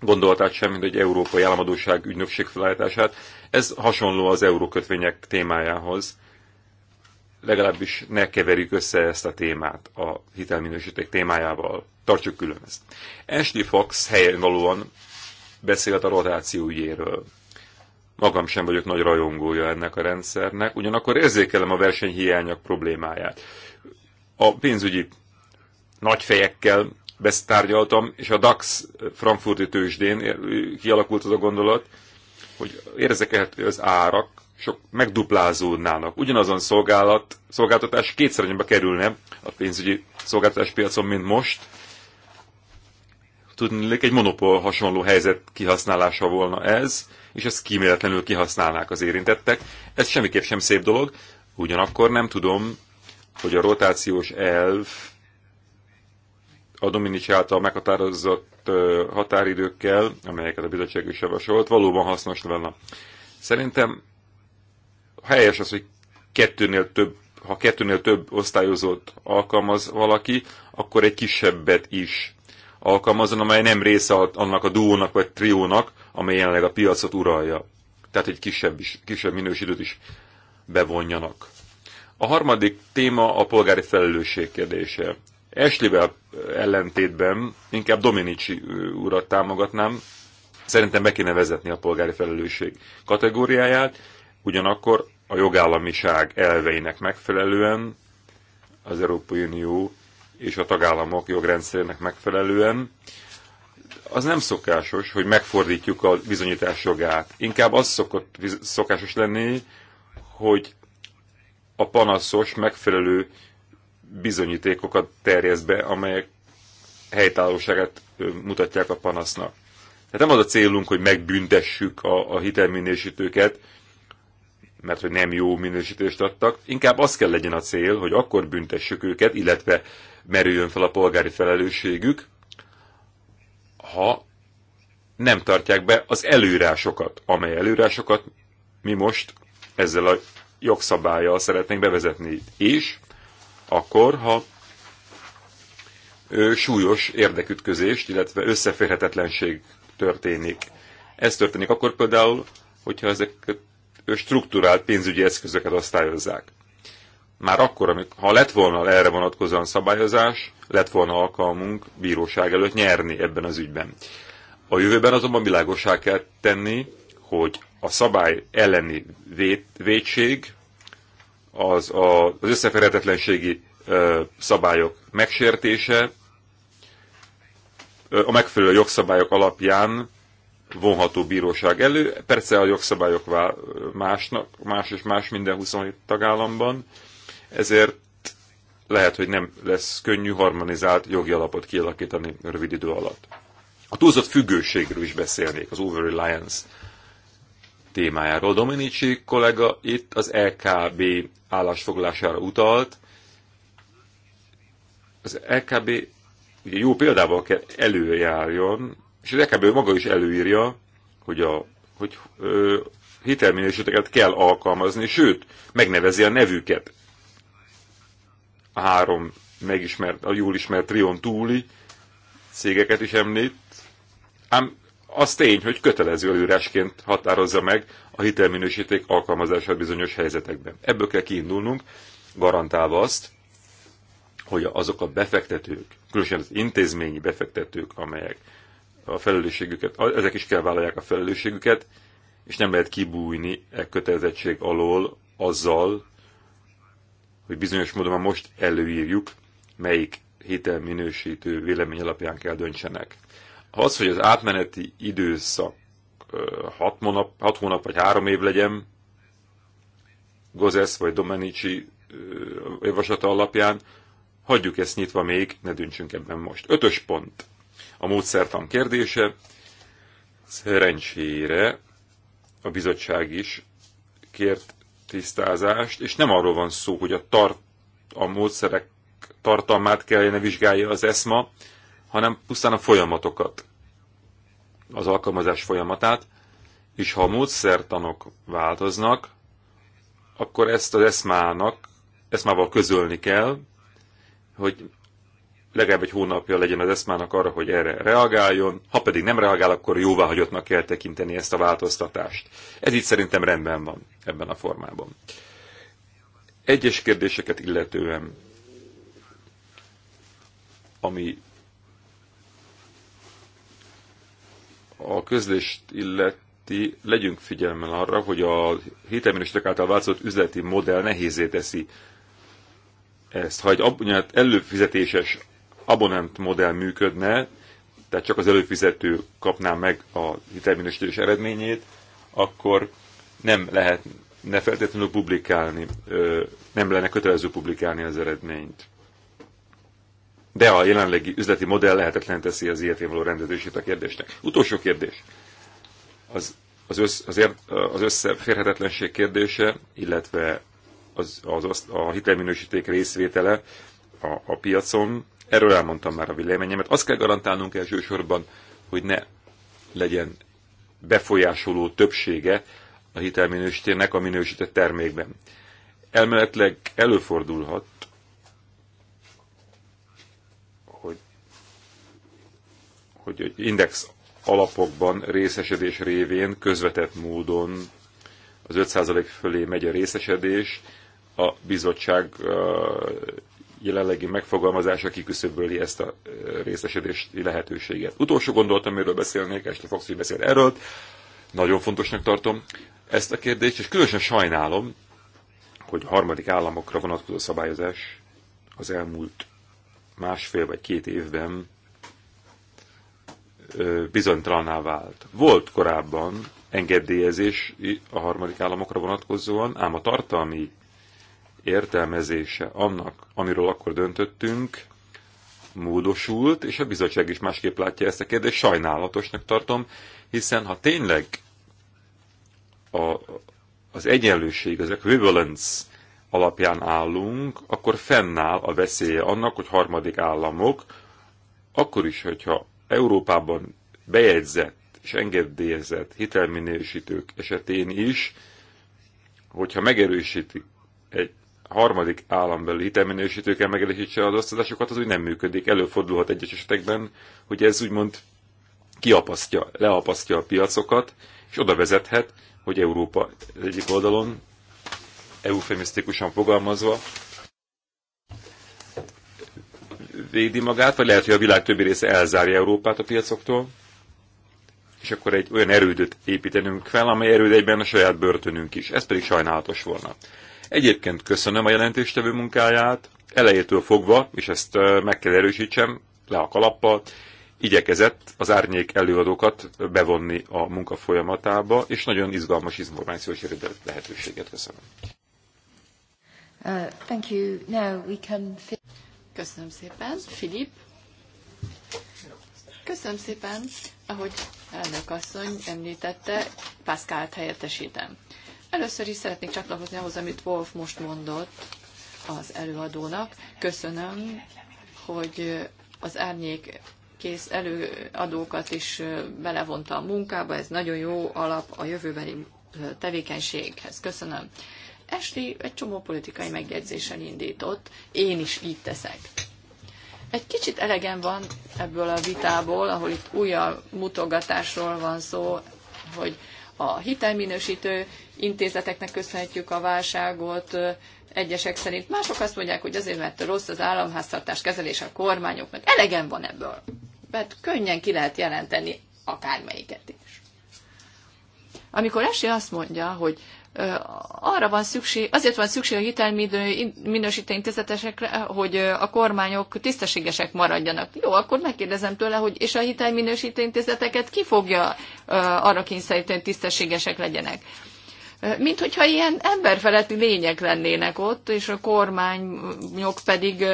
gondolatát sem, mint egy európai államadóság ügynökség felállítását. Ez hasonló az eurókötvények témájához. Legalábbis ne keverjük össze ezt a témát a hitelminősítők témájával. Tartsuk külön ezt. Ashley Fox helyen valóan beszélt a rotáció ügyéről. Magam sem vagyok nagy rajongója ennek a rendszernek, ugyanakkor érzékelem a versenyhiányok problémáját. A pénzügyi nagyfejekkel besztárgyaltam, és a DAX frankfurti tőzsdén kialakult az a gondolat, hogy érzekelhető, hogy az árak sok megduplázódnának. Ugyanazon szolgálat, szolgáltatás kétszer kerülne a pénzügyi szolgáltatás piacon, mint most, tudnék egy monopól hasonló helyzet kihasználása volna ez, és ezt kíméletlenül kihasználnák az érintettek. Ez semmiképp sem szép dolog, ugyanakkor nem tudom, hogy a rotációs elv a Dominics által meghatározott határidőkkel, amelyeket a bizottság is javasolt, valóban hasznos lenne. Szerintem helyes az, hogy kettőnél több, ha kettőnél több osztályozót alkalmaz valaki, akkor egy kisebbet is alkalmazzon, amely nem része annak a duónak vagy triónak, amely jelenleg a piacot uralja. Tehát egy kisebb, is, kisebb minősítőt is bevonjanak. A harmadik téma a polgári felelősség kérdése. Eslivel eh, ellentétben inkább Dominici eh, urat támogatnám. Szerintem be kéne vezetni a polgári felelősség kategóriáját, ugyanakkor a jogállamiság elveinek megfelelően az Európai Unió és a tagállamok jogrendszerének megfelelően. Az nem szokásos, hogy megfordítjuk a bizonyítás jogát. Inkább az szokott szokásos lenni, hogy a panaszos megfelelő bizonyítékokat terjeszt be, amelyek helytállóságát mutatják a panasznak. Tehát nem az a célunk, hogy megbüntessük a, a hitelminősítőket, mert hogy nem jó minősítést adtak. Inkább az kell legyen a cél, hogy akkor büntessük őket, illetve merüljön fel a polgári felelősségük, ha nem tartják be az előrásokat, amely előrásokat mi most ezzel a jogszabályjal szeretnénk bevezetni. És akkor, ha súlyos érdekütközést, illetve összeférhetetlenség történik. Ez történik akkor például, hogyha ezeket strukturált pénzügyi eszközöket osztályozzák. Már akkor, amikor, ha lett volna erre vonatkozóan szabályozás, lett volna alkalmunk bíróság előtt nyerni ebben az ügyben. A jövőben azonban világosá kell tenni, hogy a szabály elleni vétség, védség az, az összeférhetetlenségi szabályok megsértése, a megfelelő jogszabályok alapján vonható bíróság elő. Persze a jogszabályok másnak, más és más minden 27 tagállamban, ezért lehet, hogy nem lesz könnyű harmonizált jogi alapot kialakítani rövid idő alatt. A túlzott függőségről is beszélnék, az over-reliance témájáról. Dominici kollega itt az LKB állásfoglalására utalt. Az LKB ugye jó példával kell előjárjon, és az EKB maga is előírja, hogy a hogy ö, hitelminősíteket kell alkalmazni, sőt, megnevezi a nevüket. A három megismert, a jól ismert Rion túli cégeket is említ, ám az tény, hogy kötelező előrásként határozza meg a hitelminősíték alkalmazását bizonyos helyzetekben. Ebből kell kiindulnunk, garantálva azt, hogy azok a befektetők, különösen az intézményi befektetők, amelyek a felelősségüket, ezek is kell vállalják a felelősségüket, és nem lehet kibújni e kötelezettség alól azzal, hogy bizonyos módon már most előírjuk, melyik hitelminősítő vélemény alapján kell döntsenek. Az, hogy az átmeneti időszak 6 hónap, hat hónap vagy 3 év legyen, Gozesz vagy Domenici javaslata alapján, hagyjuk ezt nyitva még, ne döntsünk ebben most. Ötös pont a módszertan kérdése. Szerencsére a bizottság is kért tisztázást, és nem arról van szó, hogy a, tart, a módszerek tartalmát kellene vizsgálja az ESMA, hanem pusztán a folyamatokat, az alkalmazás folyamatát, és ha a módszertanok változnak, akkor ezt az eszmának, eszmával közölni kell, hogy legalább egy hónapja legyen az eszmának arra, hogy erre reagáljon, ha pedig nem reagál, akkor jóváhagyottnak kell tekinteni ezt a változtatást. Ez itt szerintem rendben van ebben a formában. Egyes kérdéseket illetően, ami a közlést illeti, legyünk figyelmen arra, hogy a hitelminiszterek által változott üzleti modell nehézé teszi ezt. Ha egy előfizetéses abonent modell működne, tehát csak az előfizető kapná meg a hitelminősítés eredményét, akkor nem lehet ne feltétlenül publikálni, nem lenne kötelező publikálni az eredményt. De a jelenlegi üzleti modell lehetetlen teszi az ilyetén való rendezését a kérdésnek. Utolsó kérdés. Az, az, össz, az, ér, az összeférhetetlenség kérdése, illetve az, az, az a hitelminősíték részvétele a, a piacon, Erről elmondtam már a véleményemet. Azt kell garantálnunk elsősorban, hogy ne legyen befolyásoló többsége a hitelminősítének a minősített termékben. Elméletileg előfordulhat, hogy, hogy index alapokban részesedés révén közvetett módon az 5% fölé megy a részesedés, a bizottság jelenlegi megfogalmazása kiküszöböli ezt a részesedési lehetőséget. Utolsó gondolat, amiről beszélnék, este fogsz, így beszél erről, nagyon fontosnak tartom ezt a kérdést, és különösen sajnálom, hogy a harmadik államokra vonatkozó szabályozás az elmúlt másfél vagy két évben bizonytalaná vált. Volt korábban engedélyezés a harmadik államokra vonatkozóan, ám a tartalmi értelmezése annak, amiről akkor döntöttünk, módosult, és a bizottság is másképp látja ezt a kérdést, sajnálatosnak tartom, hiszen ha tényleg a, az egyenlőség, az equivalence alapján állunk, akkor fennáll a veszélye annak, hogy harmadik államok, akkor is, hogyha Európában bejegyzett és engedélyezett hitelminősítők esetén is, hogyha megerősítik egy harmadik állambeli hitelminősítőkkel megerősítse az osztozásokat, az úgy nem működik. Előfordulhat egyes esetekben, hogy ez úgymond kiapasztja, leapasztja a piacokat, és oda vezethet, hogy Európa egyik oldalon, eufemisztikusan fogalmazva, védi magát, vagy lehet, hogy a világ többi része elzárja Európát a piacoktól, és akkor egy olyan erődöt építenünk fel, amely erőd egyben a saját börtönünk is. Ez pedig sajnálatos volna. Egyébként köszönöm a jelentéstevő munkáját, elejétől fogva, és ezt meg kell erősítsem, le a kalappal, igyekezett az árnyék előadókat bevonni a munka folyamatába, és nagyon izgalmas információs lehetőséget köszönöm. Uh, thank you. Now we can... Köszönöm szépen. Filip? Köszönöm szépen. Ahogy elnök asszony említette, Pászkált helyettesítem. Először is szeretnék csatlakozni ahhoz, amit Wolf most mondott az előadónak. Köszönöm, hogy az árnyék kész előadókat is belevonta a munkába, ez nagyon jó alap a jövőbeli tevékenységhez. Köszönöm. Esti egy csomó politikai megjegyzésen indított, én is így teszek. Egy kicsit elegem van ebből a vitából, ahol itt újabb mutogatásról van szó, hogy a hitelminősítő intézeteknek köszönhetjük a válságot, egyesek szerint. Mások azt mondják, hogy azért, mert rossz az államháztartás kezelése a kormányoknak. Elegem van ebből. Mert könnyen ki lehet jelenteni akármelyiket is. Amikor Esi azt mondja, hogy arra van szükség, azért van szükség a hitelminő, minősítő intézetesekre, hogy a kormányok tisztességesek maradjanak. Jó, akkor megkérdezem tőle, hogy és a hitelminősítő intézeteket ki fogja arra kényszeríteni, hogy tisztességesek legyenek? Mint hogyha ilyen emberfeletti lények lennének ott, és a kormányok pedig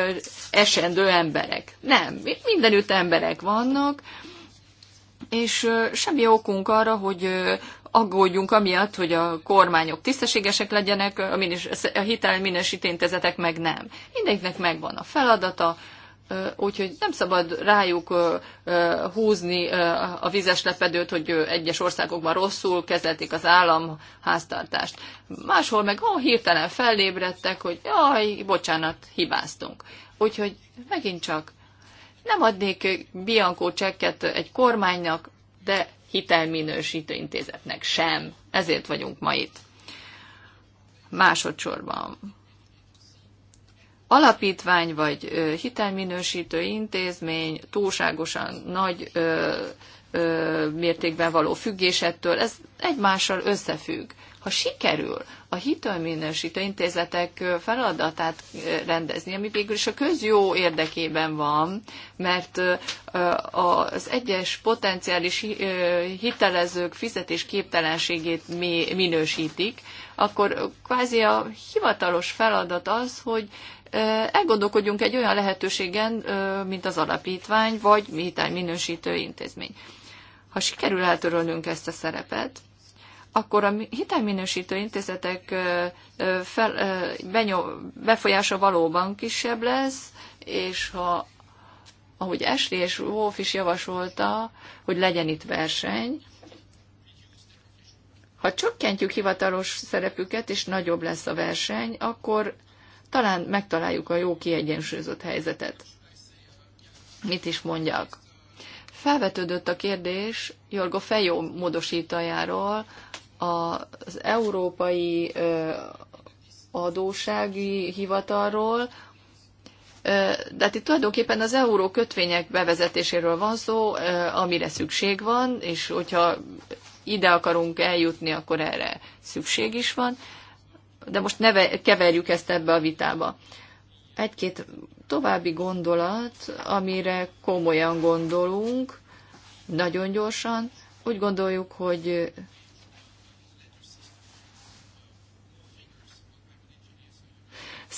esendő emberek. Nem, mindenütt emberek vannak, és semmi okunk arra, hogy aggódjunk amiatt, hogy a kormányok tisztességesek legyenek, a, minis, a hitel minősíténtezetek meg nem. Mindenkinek megvan a feladata, úgyhogy nem szabad rájuk húzni a vizes lepedőt, hogy egyes országokban rosszul kezelték az állam háztartást. Máshol meg ó, hirtelen fellébredtek, hogy jaj, bocsánat, hibáztunk. Úgyhogy megint csak nem adnék biankó csekket egy kormánynak, de hitelminősítő intézetnek sem. Ezért vagyunk ma itt. Másodszorban alapítvány vagy hitelminősítő intézmény túlságosan nagy ö, ö, mértékben való függésettől, ez egymással összefügg. Ha sikerül a hitelminősítő intézetek feladatát rendezni, ami végül is a közjó érdekében van, mert az egyes potenciális hitelezők képtelenségét minősítik, akkor kvázi a hivatalos feladat az, hogy elgondolkodjunk egy olyan lehetőségen, mint az alapítvány, vagy hitelminősítő intézmény. Ha sikerül eltörölnünk ezt a szerepet, akkor a hitelminősítő intézetek fel, benyom, befolyása valóban kisebb lesz, és ha, ahogy Esli és Wolf is javasolta, hogy legyen itt verseny, ha csökkentjük hivatalos szerepüket, és nagyobb lesz a verseny, akkor talán megtaláljuk a jó kiegyensúlyozott helyzetet. Mit is mondjak? Felvetődött a kérdés Jorgo Fejó módosítajáról, az európai adósági hivatalról, de hát itt tulajdonképpen az euró kötvények bevezetéséről van szó, amire szükség van, és hogyha ide akarunk eljutni, akkor erre szükség is van. De most neve keverjük ezt ebbe a vitába. Egy-két további gondolat, amire komolyan gondolunk, nagyon gyorsan. Úgy gondoljuk, hogy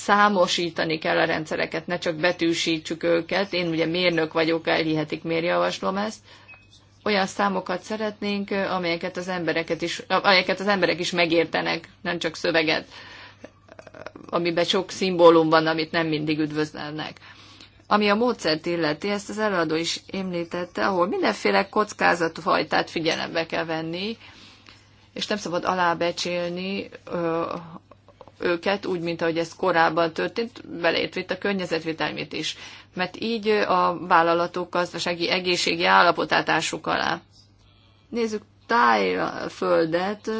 számosítani kell a rendszereket, ne csak betűsítsük őket. Én ugye mérnök vagyok, elhihetik, miért javaslom ezt. Olyan számokat szeretnénk, amelyeket az, embereket is, amelyeket az emberek is megértenek, nem csak szöveget, amiben sok szimbólum van, amit nem mindig üdvözlelnek. Ami a módszert illeti, ezt az előadó is említette, ahol mindenféle kockázatfajtát figyelembe kell venni, és nem szabad alábecsélni őket, úgy, mint ahogy ez korábban történt, beleértve itt a környezetvédelmét is. Mert így a vállalatok gazdasági egészségi állapotát ássuk alá. Nézzük tájföldet,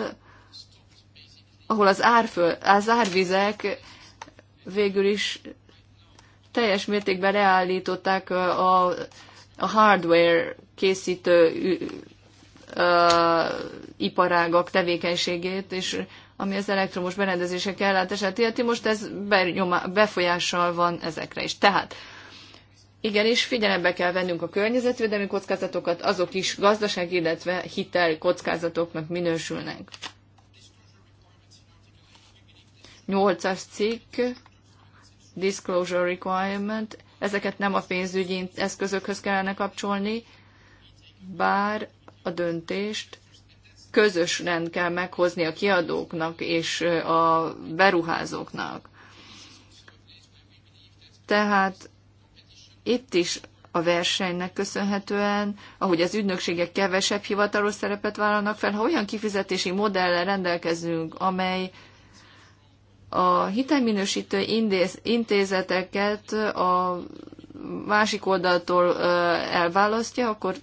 ahol az, árföld, az árvizek végül is teljes mértékben leállították a, a hardware készítő ö, iparágak tevékenységét, és ami az elektromos berendezések ellátását illeti, most ez befolyással van ezekre is. Tehát Igenis, figyelembe kell vennünk a környezetvédelmi kockázatokat, azok is gazdaság, illetve hitel kockázatoknak minősülnek. 8-as cikk, disclosure requirement, ezeket nem a pénzügyi eszközökhöz kellene kapcsolni, bár a döntést rend kell meghozni a kiadóknak és a beruházóknak. Tehát itt is a versenynek köszönhetően, ahogy az ügynökségek kevesebb hivatalos szerepet vállalnak fel, ha olyan kifizetési modellel rendelkezünk, amely a hitelminősítő intézeteket a másik oldaltól elválasztja, akkor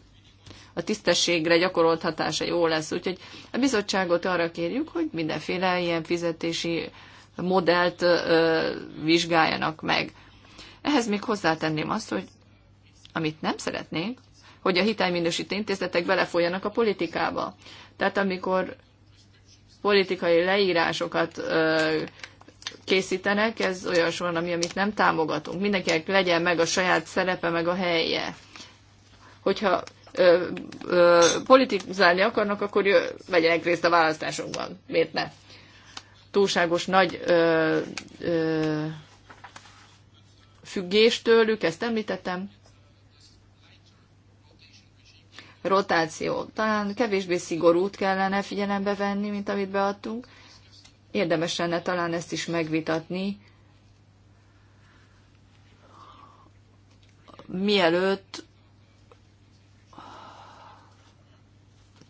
a tisztességre gyakorolt hatása jó lesz. Úgyhogy a bizottságot arra kérjük, hogy mindenféle ilyen fizetési modellt ö, vizsgáljanak meg. Ehhez még hozzátenném azt, hogy amit nem szeretnénk, hogy a hitelminősítő intézetek belefolyanak a politikába. Tehát amikor politikai leírásokat ö, készítenek, ez olyas van, ami, amit nem támogatunk. Mindenkinek legyen meg a saját szerepe, meg a helye. Hogyha ö, ö, politizálni akarnak, akkor jö, vegyenek részt a választásunkban. Miért ne? Túlságos nagy ö, ö, függés tőlük, ezt említettem. Rotáció. Talán kevésbé szigorút kellene figyelembe venni, mint amit beadtunk. Érdemes lenne talán ezt is megvitatni, mielőtt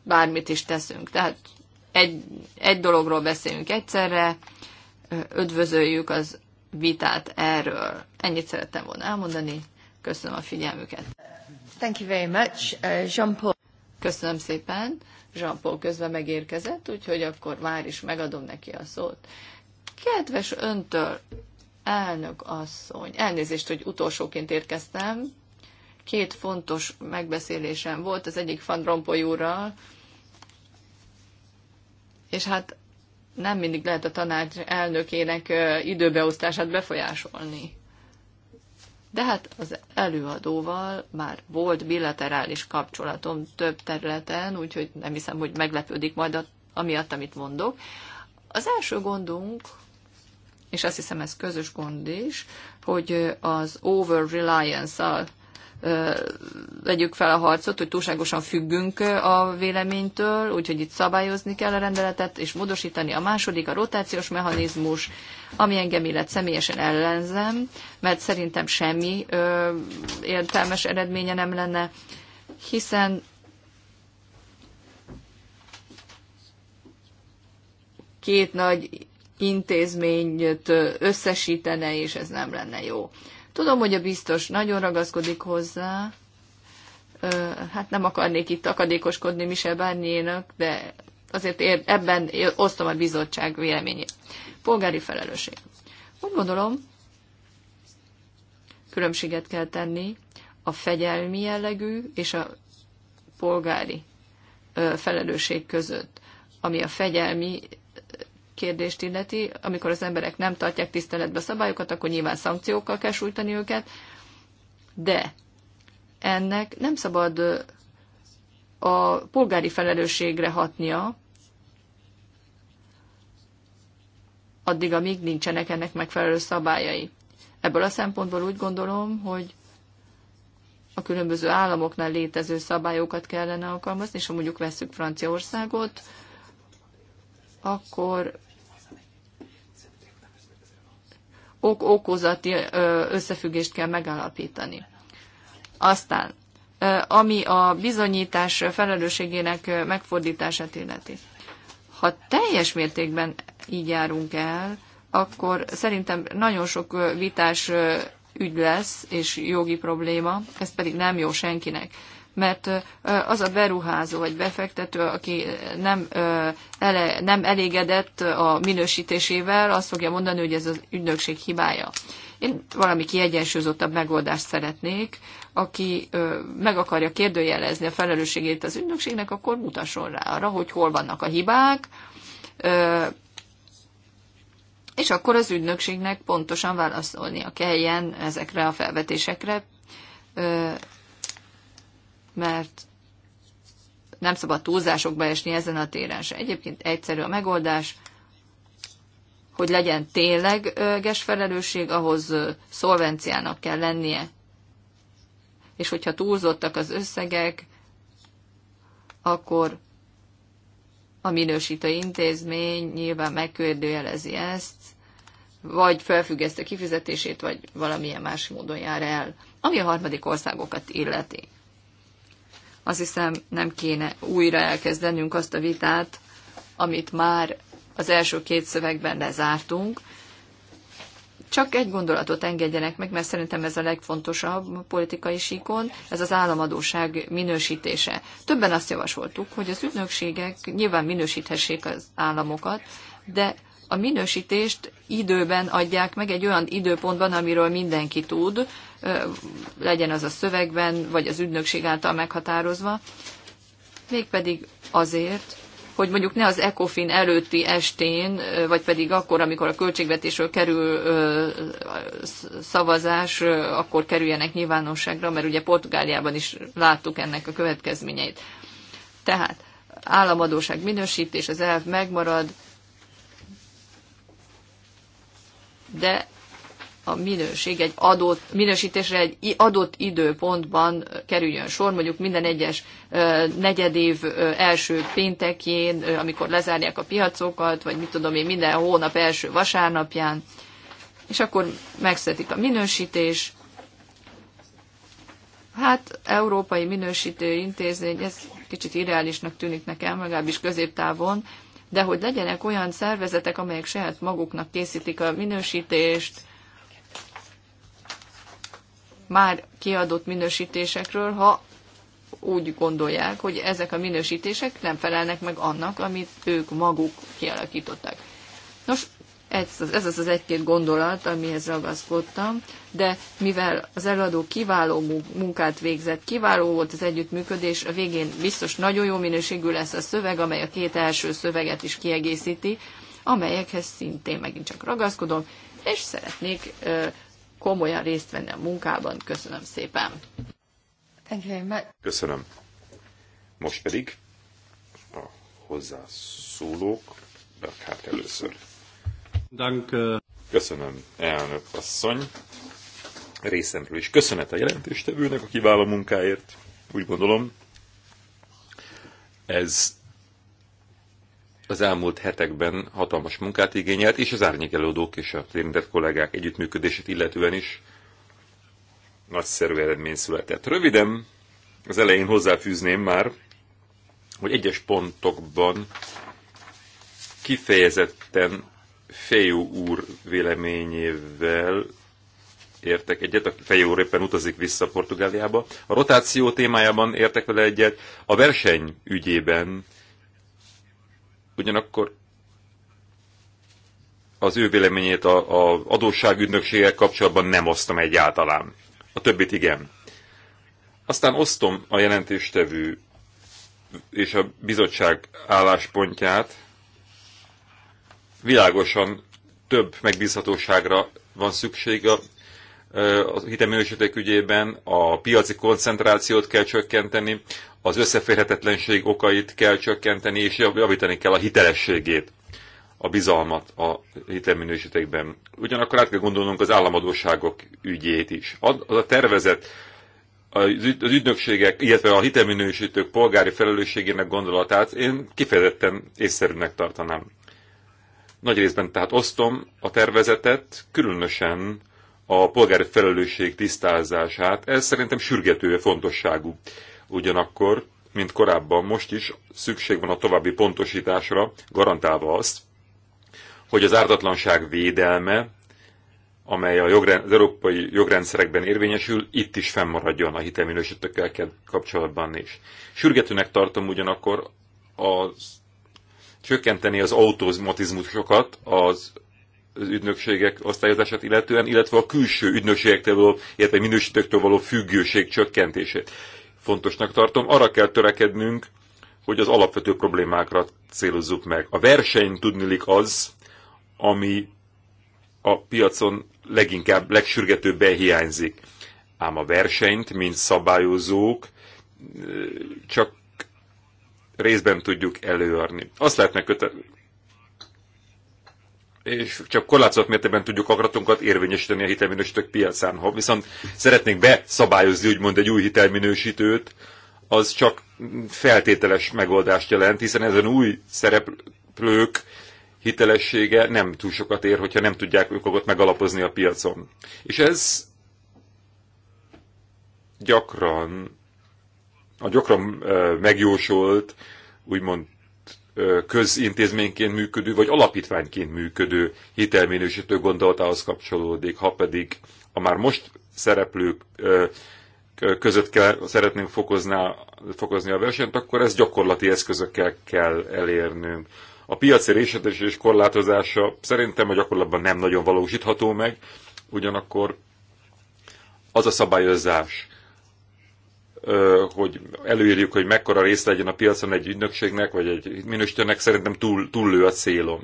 bármit is teszünk. Tehát egy, egy dologról beszélünk egyszerre, ödvözöljük az vitát erről. Ennyit szerettem volna elmondani. Köszönöm a figyelmüket. Thank you very much, uh, Jean-Paul. Köszönöm szépen. Jean-Paul közben megérkezett, úgyhogy akkor már is megadom neki a szót. Kedves öntől, elnök asszony, elnézést, hogy utolsóként érkeztem, két fontos megbeszélésem volt, az egyik Van Rompuy úrral, és hát nem mindig lehet a tanács elnökének időbeosztását befolyásolni. De hát az előadóval már volt bilaterális kapcsolatom több területen, úgyhogy nem hiszem, hogy meglepődik majd a, amiatt, amit mondok. Az első gondunk, és azt hiszem ez közös gond is, hogy az over-reliance-al vegyük fel a harcot, hogy túlságosan függünk a véleménytől, úgyhogy itt szabályozni kell a rendeletet, és módosítani. A második a rotációs mechanizmus, ami engem illet személyesen ellenzem, mert szerintem semmi ö, értelmes eredménye nem lenne, hiszen két nagy intézményt összesítene, és ez nem lenne jó. Tudom, hogy a biztos nagyon ragaszkodik hozzá, hát nem akarnék itt akadékoskodni mi se bárnyének, de azért ebben osztom a bizottság véleményét. Polgári felelősség. Úgy gondolom, különbséget kell tenni a fegyelmi jellegű és a polgári felelősség között, ami a fegyelmi kérdést illeti, amikor az emberek nem tartják tiszteletbe a szabályokat, akkor nyilván szankciókkal kell sújtani őket, de ennek nem szabad a polgári felelősségre hatnia, addig, amíg nincsenek ennek megfelelő szabályai. Ebből a szempontból úgy gondolom, hogy a különböző államoknál létező szabályokat kellene alkalmazni, és ha mondjuk vesszük Franciaországot, akkor ok-okozati összefüggést kell megállapítani. Aztán, ami a bizonyítás felelősségének megfordítását illeti. Ha teljes mértékben így járunk el, akkor szerintem nagyon sok vitás ügy lesz, és jogi probléma, ez pedig nem jó senkinek mert az a beruházó vagy befektető, aki nem, ele, nem elégedett a minősítésével, azt fogja mondani, hogy ez az ügynökség hibája. Én valami kiegyensúlyozottabb megoldást szeretnék, aki meg akarja kérdőjelezni a felelősségét az ügynökségnek, akkor mutasson rá arra, hogy hol vannak a hibák, és akkor az ügynökségnek pontosan válaszolnia kelljen ezekre a felvetésekre, mert nem szabad túlzásokba esni ezen a téren se. Egyébként egyszerű a megoldás, hogy legyen tényleges felelősség, ahhoz szolvenciának kell lennie. És hogyha túlzottak az összegek, akkor a minősítő intézmény nyilván megkérdőjelezi ezt, vagy felfüggeszti a kifizetését, vagy valamilyen más módon jár el, ami a harmadik országokat illeti. Azt hiszem, nem kéne újra elkezdenünk azt a vitát, amit már az első két szövegben lezártunk. Csak egy gondolatot engedjenek meg, mert szerintem ez a legfontosabb politikai síkon, ez az államadóság minősítése. Többen azt javasoltuk, hogy az ügynökségek nyilván minősíthessék az államokat, de a minősítést időben adják meg egy olyan időpontban, amiről mindenki tud, legyen az a szövegben, vagy az ügynökség által meghatározva, mégpedig azért, hogy mondjuk ne az ECOFIN előtti estén, vagy pedig akkor, amikor a költségvetésről kerül szavazás, akkor kerüljenek nyilvánosságra, mert ugye Portugáliában is láttuk ennek a következményeit. Tehát államadóság minősítés, az elv megmarad, de a minőség egy adott, minősítésre egy adott időpontban kerüljön sor, mondjuk minden egyes negyedév első péntekjén, amikor lezárják a piacokat, vagy mit tudom én, minden hónap első vasárnapján, és akkor megszetik a minősítés. Hát, Európai Minősítő Intézmény, ez kicsit irreálisnak tűnik nekem, legalábbis középtávon, de hogy legyenek olyan szervezetek, amelyek saját maguknak készítik a minősítést, már kiadott minősítésekről, ha úgy gondolják, hogy ezek a minősítések nem felelnek meg annak, amit ők maguk kialakítottak. Nos, ez, ez az az egy-két gondolat, amihez ragaszkodtam, de mivel az előadó kiváló munkát végzett, kiváló volt az együttműködés, a végén biztos nagyon jó minőségű lesz a szöveg, amely a két első szöveget is kiegészíti, amelyekhez szintén megint csak ragaszkodom, és szeretnék komolyan részt venni a munkában. Köszönöm szépen! Köszönöm. Most pedig a hozzászólók, de hát először Danke. Köszönöm, elnök asszony. Részemről is köszönet a jelentéstevőnek a kiváló munkáért. Úgy gondolom, ez az elmúlt hetekben hatalmas munkát igényelt, és az árnyékelődők és a érintett kollégák együttműködését illetően is nagyszerű eredmény született. Röviden az elején hozzáfűzném már, hogy egyes pontokban kifejezetten Fejó úr véleményével értek egyet, a Fejó úr éppen utazik vissza Portugáliába. A rotáció témájában értek vele egyet, a verseny ügyében ugyanakkor az ő véleményét a, a adósságügynökségek kapcsolatban nem osztom egyáltalán. A többit igen. Aztán osztom a jelentéstevő és a bizottság álláspontját, világosan több megbízhatóságra van szükség a, a hitelminősítők ügyében, a piaci koncentrációt kell csökkenteni, az összeférhetetlenség okait kell csökkenteni, és javítani kell a hitelességét, a bizalmat a hitelminősítékben. Ugyanakkor át kell gondolnunk az államadóságok ügyét is. Az a tervezet, az ügynökségek, illetve a hitelminősítők polgári felelősségének gondolatát én kifejezetten észszerűnek tartanám. Nagy részben tehát osztom a tervezetet, különösen a polgári felelősség tisztázását. Ez szerintem sürgető fontosságú. Ugyanakkor, mint korábban, most is szükség van a további pontosításra, garantálva azt, hogy az ártatlanság védelme, amely a jogrend, az európai jogrendszerekben érvényesül, itt is fennmaradjon a hitelminősítőkkel kapcsolatban is. Sürgetőnek tartom ugyanakkor az csökkenteni az automatizmusokat az az ügynökségek osztályozását illetően, illetve a külső ügynökségektől való, illetve minősítőktől való függőség csökkentését. Fontosnak tartom, arra kell törekednünk, hogy az alapvető problémákra célozzuk meg. A verseny tudnilik az, ami a piacon leginkább, legsürgetőbben hiányzik. Ám a versenyt, mint szabályozók, csak részben tudjuk előarni. Azt lehetne kötelezni és csak korlátozott mértékben tudjuk akaratunkat érvényesíteni a hitelminősítők piacán. Ha viszont szeretnénk beszabályozni úgymond egy új hitelminősítőt, az csak feltételes megoldást jelent, hiszen ezen új szereplők hitelessége nem túl sokat ér, hogyha nem tudják őket megalapozni a piacon. És ez gyakran a gyakran megjósolt, úgymond közintézményként működő, vagy alapítványként működő hitelminősítő gondolatához kapcsolódik, ha pedig a már most szereplők között kell, szeretnénk fokozná, fokozni a versenyt, akkor ezt gyakorlati eszközökkel kell elérnünk. A piaci részletes korlátozása szerintem a gyakorlatban nem nagyon valósítható meg, ugyanakkor az a szabályozás, hogy előírjuk, hogy mekkora rész legyen a piacon egy ügynökségnek, vagy egy minősítőnek, szerintem túl, túllő a célom.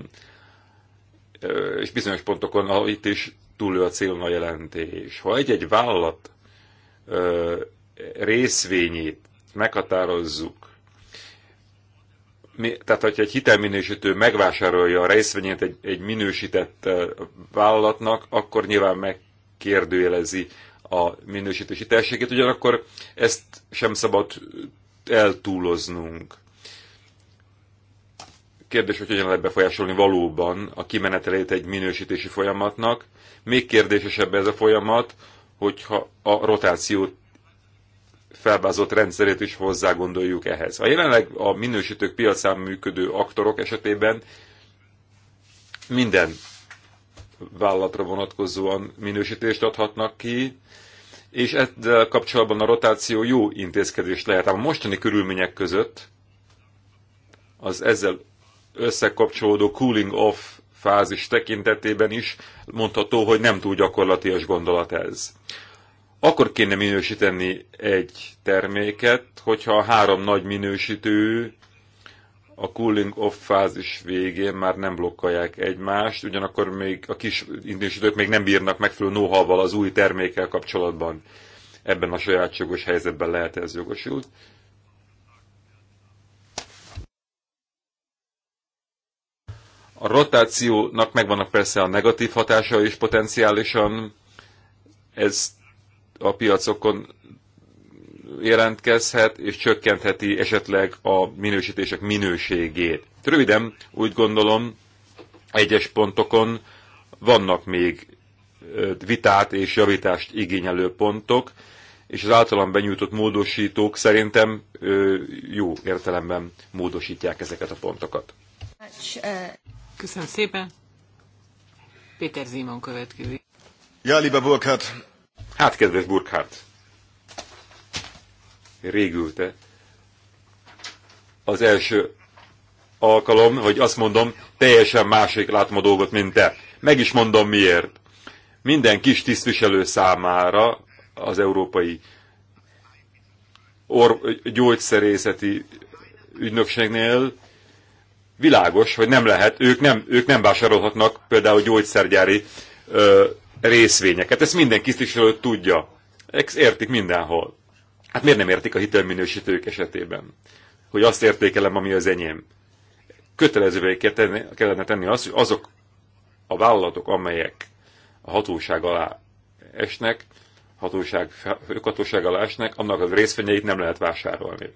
És bizonyos pontokon itt is túllő a célom a jelentés. Ha egy-egy vállalat részvényét meghatározzuk, mi, tehát hogyha egy hitelminősítő megvásárolja a részvényét egy, egy minősített vállalatnak, akkor nyilván megkérdőjelezi a minősítési terségét, ugyanakkor ezt sem szabad eltúloznunk. Kérdés, hogy hogyan lehet befolyásolni valóban a kimenetelét egy minősítési folyamatnak. Még kérdésesebb ez a folyamat, hogyha a rotációt felbázott rendszerét is hozzágondoljuk ehhez. A jelenleg a minősítők piacán működő aktorok esetében minden vállalatra vonatkozóan minősítést adhatnak ki, és ezzel kapcsolatban a rotáció jó intézkedés lehet. a mostani körülmények között az ezzel összekapcsolódó cooling off fázis tekintetében is mondható, hogy nem túl gyakorlatias gondolat ez. Akkor kéne minősíteni egy terméket, hogyha a három nagy minősítő a cooling off fázis végén már nem blokkolják egymást, ugyanakkor még a kis indítsítők még nem bírnak megfelelő know az új termékkel kapcsolatban. Ebben a sajátságos helyzetben lehet ez jogosult. A rotációnak megvannak persze a negatív hatása is potenciálisan, ez a piacokon jelentkezhet, és csökkentheti esetleg a minősítések minőségét. Röviden úgy gondolom, egyes pontokon vannak még vitát és javítást igényelő pontok, és az általam benyújtott módosítók szerintem jó értelemben módosítják ezeket a pontokat. Köszönöm szépen. Péter Zimon következik. Ja, liebe Burkhardt. Hát, kedves Burkhardt régülte az első alkalom, hogy azt mondom, teljesen másik látom a dolgot, mint te. Meg is mondom miért. Minden kis tisztviselő számára az európai or- gyógyszerészeti ügynökségnél világos, hogy nem lehet, ők nem, ők nem vásárolhatnak például gyógyszergyári ö, részvényeket. Ezt minden tisztviselő tudja. Ezt értik mindenhol. Hát miért nem értik a hitelminősítők esetében? Hogy azt értékelem, ami az enyém. Kötelezővé kellene tenni azt, hogy azok a vállalatok, amelyek a hatóság alá esnek, hatóság, hatóság alá esnek, annak a részfényeit nem lehet vásárolni.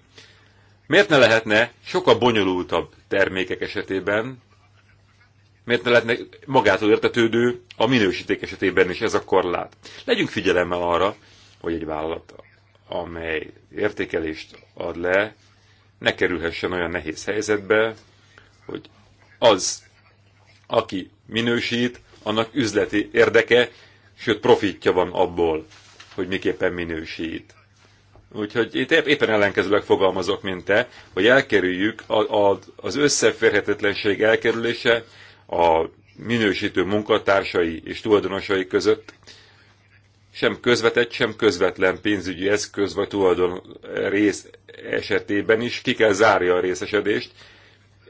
Miért ne lehetne sokkal bonyolultabb termékek esetében, miért ne lehetne magától értetődő a minősíték esetében is ez a korlát? Legyünk figyelemmel arra, hogy egy vállalat amely értékelést ad le, ne kerülhessen olyan nehéz helyzetbe, hogy az, aki minősít, annak üzleti érdeke, sőt profitja van abból, hogy miképpen minősít. Úgyhogy itt éppen ellenkezőleg fogalmazok, mint te, hogy elkerüljük a, a, az összeférhetetlenség elkerülése a minősítő munkatársai és tulajdonosai között, sem közvetett, sem közvetlen pénzügyi eszköz vagy tulajdon rész esetében is ki kell zárja a részesedést,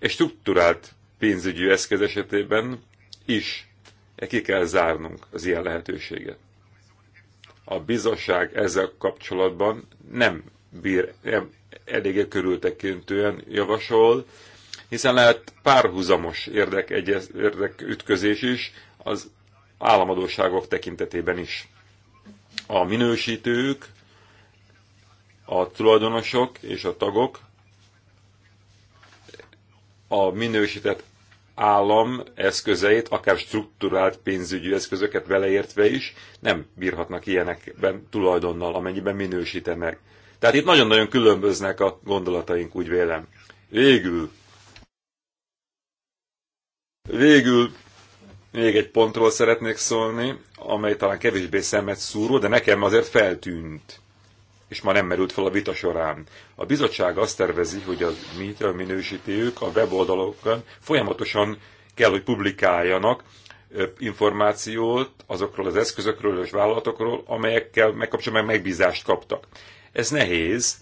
és strukturált pénzügyi eszköz esetében is ki kell zárnunk az ilyen lehetőséget. A bizottság ezzel kapcsolatban nem bír, nem eléggé körültekintően javasol, hiszen lehet párhuzamos érdek, egyez, ütközés is az államadóságok tekintetében is a minősítők, a tulajdonosok és a tagok a minősített állam eszközeit, akár struktúrált pénzügyi eszközöket beleértve is, nem bírhatnak ilyenekben tulajdonnal, amennyiben minősítenek. Tehát itt nagyon-nagyon különböznek a gondolataink, úgy vélem. Végül, végül még egy pontról szeretnék szólni, amely talán kevésbé szemet szúró, de nekem azért feltűnt, és már nem merült fel a vita során. A bizottság azt tervezi, hogy a minősítők a weboldalokon folyamatosan kell, hogy publikáljanak információt azokról az eszközökről és vállalatokról, amelyekkel megkapcsolatban megbízást kaptak. Ez nehéz,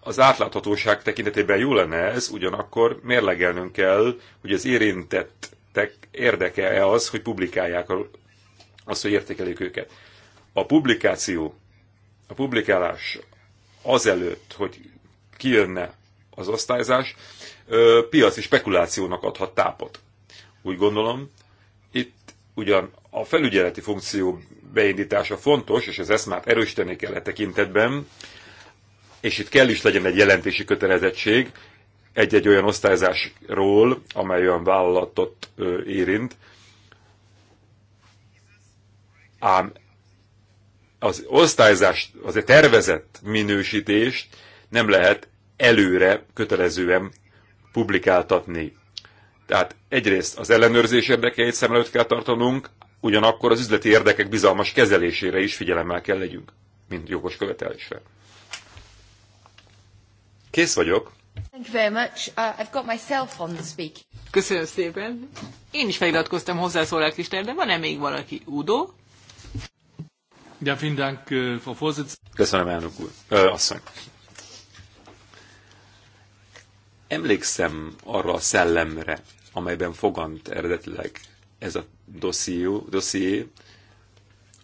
az átláthatóság tekintetében jó lenne ez, ugyanakkor mérlegelnünk kell, hogy az érintettek érdeke-e az, hogy publikálják a az, hogy értékeljük őket. A publikáció, a publikálás azelőtt, hogy kijönne az osztályzás, piaci spekulációnak adhat tápot. Úgy gondolom, itt ugyan a felügyeleti funkció beindítása fontos, és az eszmát erősíteni kell a e tekintetben, és itt kell is legyen egy jelentési kötelezettség egy-egy olyan osztályzásról, amely olyan vállalatot érint, Ám az osztályzást, az a tervezett minősítést nem lehet előre kötelezően publikáltatni. Tehát egyrészt az ellenőrzés érdekeit szem előtt kell tartanunk, ugyanakkor az üzleti érdekek bizalmas kezelésére is figyelemmel kell legyünk, mint jogos követelésre. Kész vagyok. Thank you very much. Uh, I've got myself on the speak. Köszönöm szépen. Én is feliratkoztam hozzászólás listára, de van-e még valaki? Udo? Ja, vielen Dank, äh, Frau Vorsitzende. Köszönöm, elnök úr. asszony. Emlékszem arra a szellemre, amelyben fogant eredetileg ez a dosszió, dosszié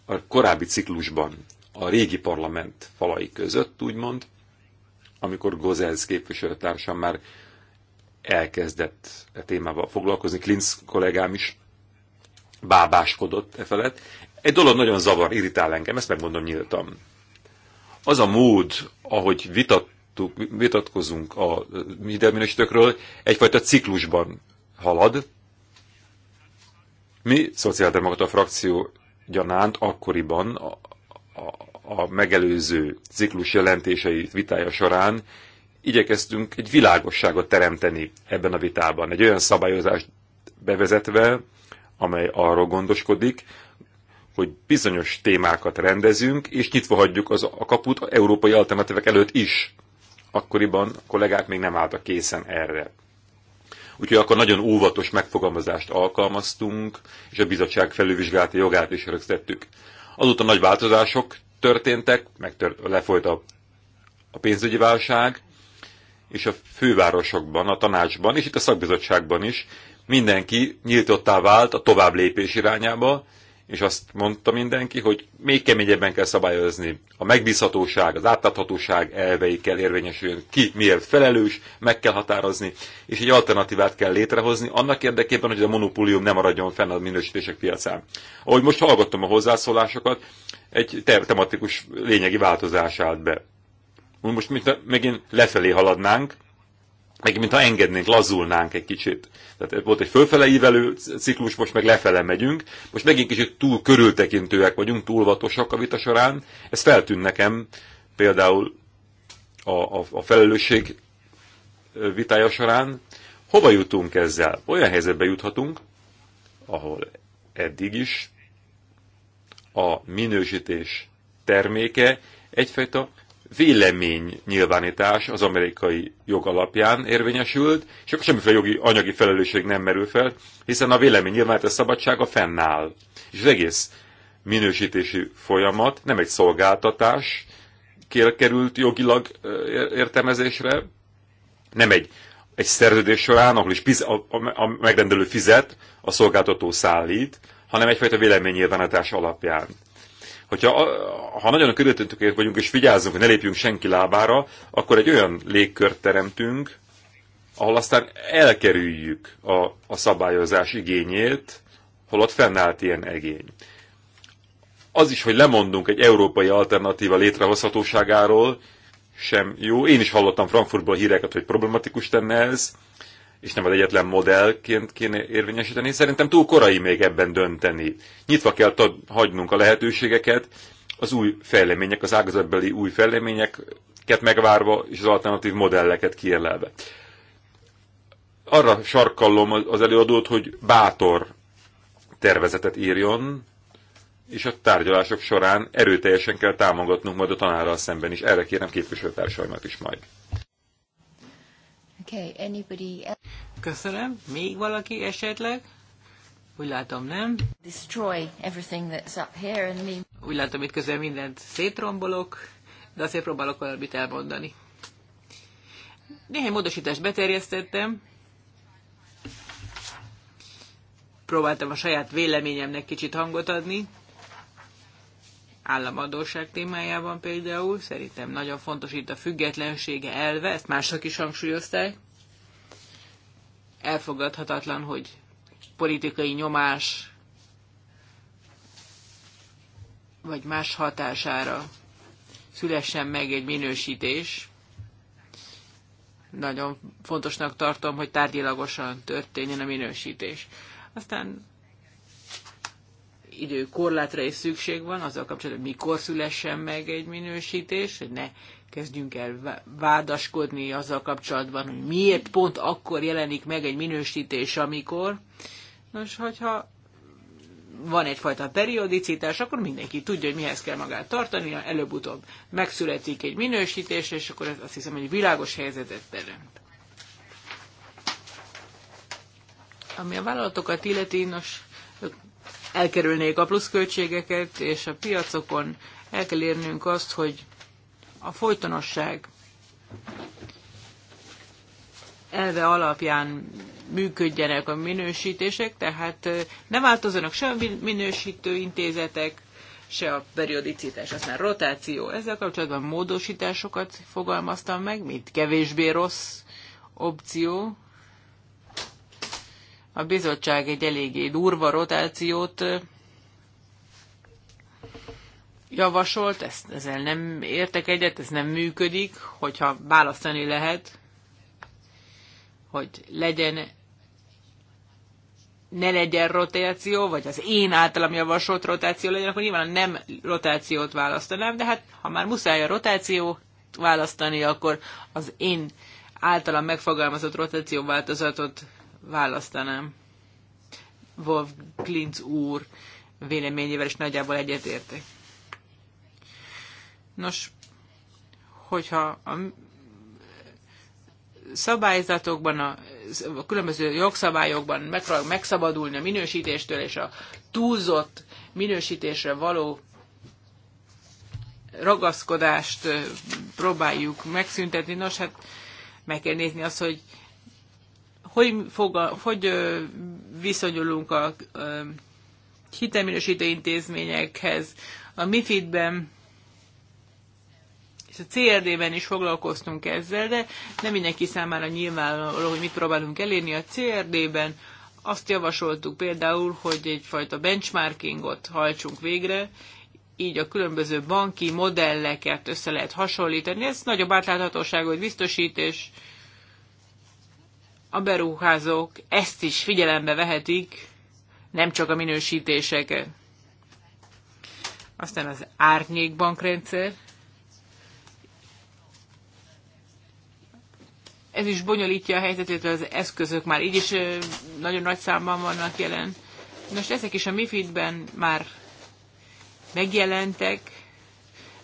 a korábbi ciklusban, a régi parlament falai között, úgymond, amikor Gozelsz képviselőtársam már elkezdett a témával foglalkozni, Klinz kollégám is bábáskodott e felett. Egy dolog nagyon zavar, irritál engem, ezt megmondom nyíltan. Az a mód, ahogy vitattuk, vitatkozunk a hitelminősítőkről, egyfajta ciklusban halad. Mi, szociáldemokrata frakció gyanánt akkoriban a, a, a megelőző ciklus jelentései vitája során igyekeztünk egy világosságot teremteni ebben a vitában, egy olyan szabályozást bevezetve, amely arról gondoskodik, hogy bizonyos témákat rendezünk, és nyitva hagyjuk az, a kaput az európai alternatívek előtt is. Akkoriban a kollégák még nem álltak készen erre. Úgyhogy akkor nagyon óvatos megfogalmazást alkalmaztunk, és a bizottság felülvizsgálati jogát is rögzítettük. Azóta nagy változások történtek, megtört, lefolyt a, a pénzügyi válság, és a fővárosokban, a tanácsban, és itt a szakbizottságban is mindenki nyíltottá vált a tovább lépés irányába, és azt mondta mindenki, hogy még keményebben kell szabályozni. A megbízhatóság, az átláthatóság elvei kell érvényesüljön, ki miért felelős, meg kell határozni, és egy alternatívát kell létrehozni, annak érdekében, hogy a monopólium nem maradjon fenn a minősítések piacán. Ahogy most hallgattam a hozzászólásokat, egy tematikus lényegi változás állt be. Most mint megint lefelé haladnánk, meg mintha engednénk, lazulnánk egy kicsit. Tehát volt egy fölfele ívelő ciklus, most meg lefele megyünk, most megint kicsit túl körültekintőek vagyunk, túl vatosak a vita során. Ez feltűn nekem például a, a, a felelősség vitája során. Hova jutunk ezzel? Olyan helyzetbe juthatunk, ahol eddig is a minősítés terméke egyfajta vélemény nyilvánítás az amerikai jog alapján érvényesült, és akkor semmiféle jogi, anyagi felelősség nem merül fel, hiszen a vélemény nyilvánítás szabadsága fennáll. És az egész minősítési folyamat nem egy szolgáltatás került jogilag értelmezésre, nem egy, egy szerződés során, ahol is a, a, a megrendelő fizet, a szolgáltató szállít, hanem egyfajta véleménynyilvánítás alapján hogyha ha nagyon körülöttünk vagyunk és vigyázzunk, hogy ne lépjünk senki lábára, akkor egy olyan légkört teremtünk, ahol aztán elkerüljük a, a szabályozás igényét, holott fennállt ilyen egény. Az is, hogy lemondunk egy európai alternatíva létrehozhatóságáról, sem jó. Én is hallottam Frankfurtból híreket, hogy problematikus tenne ez, és nem az egyetlen modellként kéne érvényesíteni. Szerintem túl korai még ebben dönteni. Nyitva kell hagynunk a lehetőségeket, az új fejlemények, az ágazatbeli új fejleményeket megvárva, és az alternatív modelleket kijelelve. Arra sarkallom az előadót, hogy bátor tervezetet írjon, és a tárgyalások során erőteljesen kell támogatnunk majd a tanárral szemben is. Erre kérem képviselőtársaimat is majd. Okay, anybody else? Köszönöm. Még valaki esetleg? Úgy látom, nem? Destroy everything that's up here and me. Úgy látom, itt közel mindent szétrombolok, de azért próbálok valamit elmondani. Néhány módosítást beterjesztettem. Próbáltam a saját véleményemnek kicsit hangot adni államadóság témájában például. Szerintem nagyon fontos itt a függetlensége elve, ezt mások is hangsúlyozták. Elfogadhatatlan, hogy politikai nyomás vagy más hatására szülessen meg egy minősítés. Nagyon fontosnak tartom, hogy tárgyilagosan történjen a minősítés. Aztán időkorlátra is szükség van, azzal kapcsolatban, hogy mikor szülessen meg egy minősítés, hogy ne kezdjünk el vádaskodni azzal kapcsolatban, hogy miért pont akkor jelenik meg egy minősítés, amikor. Nos, hogyha van egyfajta periodicitás, akkor mindenki tudja, hogy mihez kell magát tartani, előbb-utóbb megszületik egy minősítés, és akkor ez azt hiszem, hogy világos helyzetet teremt. Ami a vállalatokat illeti, nos, elkerülnék a pluszköltségeket, és a piacokon el kell érnünk azt, hogy a folytonosság elve alapján működjenek a minősítések, tehát ne változzanak se a minősítő intézetek, se a periodicitás, aztán rotáció. Ezzel kapcsolatban módosításokat fogalmaztam meg, mint kevésbé rossz opció a bizottság egy eléggé durva rotációt javasolt, ezt, ezzel nem értek egyet, ez nem működik, hogyha választani lehet, hogy legyen ne legyen rotáció, vagy az én általam javasolt rotáció legyen, akkor nyilván nem rotációt választanám, de hát ha már muszáj a rotáció választani, akkor az én általam megfogalmazott rotáció változatot választanám. Wolf Klintz úr véleményével is nagyjából egyetértek. Nos, hogyha a szabályzatokban, a, a különböző jogszabályokban megpróbálunk megszabadulni a minősítéstől és a túlzott minősítésre való ragaszkodást próbáljuk megszüntetni. Nos, hát meg kell nézni azt, hogy hogy, fog a, hogy viszonyulunk a, a hitelminősítő intézményekhez. A MIFID-ben és a CRD-ben is foglalkoztunk ezzel, de nem mindenki számára nyilvánvaló, hogy mit próbálunk elérni a CRD-ben. Azt javasoltuk például, hogy egyfajta benchmarkingot hajtsunk végre, így a különböző banki modelleket össze lehet hasonlítani. Ez nagyobb átláthatóságot biztosít, és a beruházók ezt is figyelembe vehetik, nem csak a minősítéseket. Aztán az árnyékbankrendszer. Ez is bonyolítja a helyzetét, az eszközök már így is nagyon nagy számban vannak jelen. Most ezek is a MIFID-ben már megjelentek,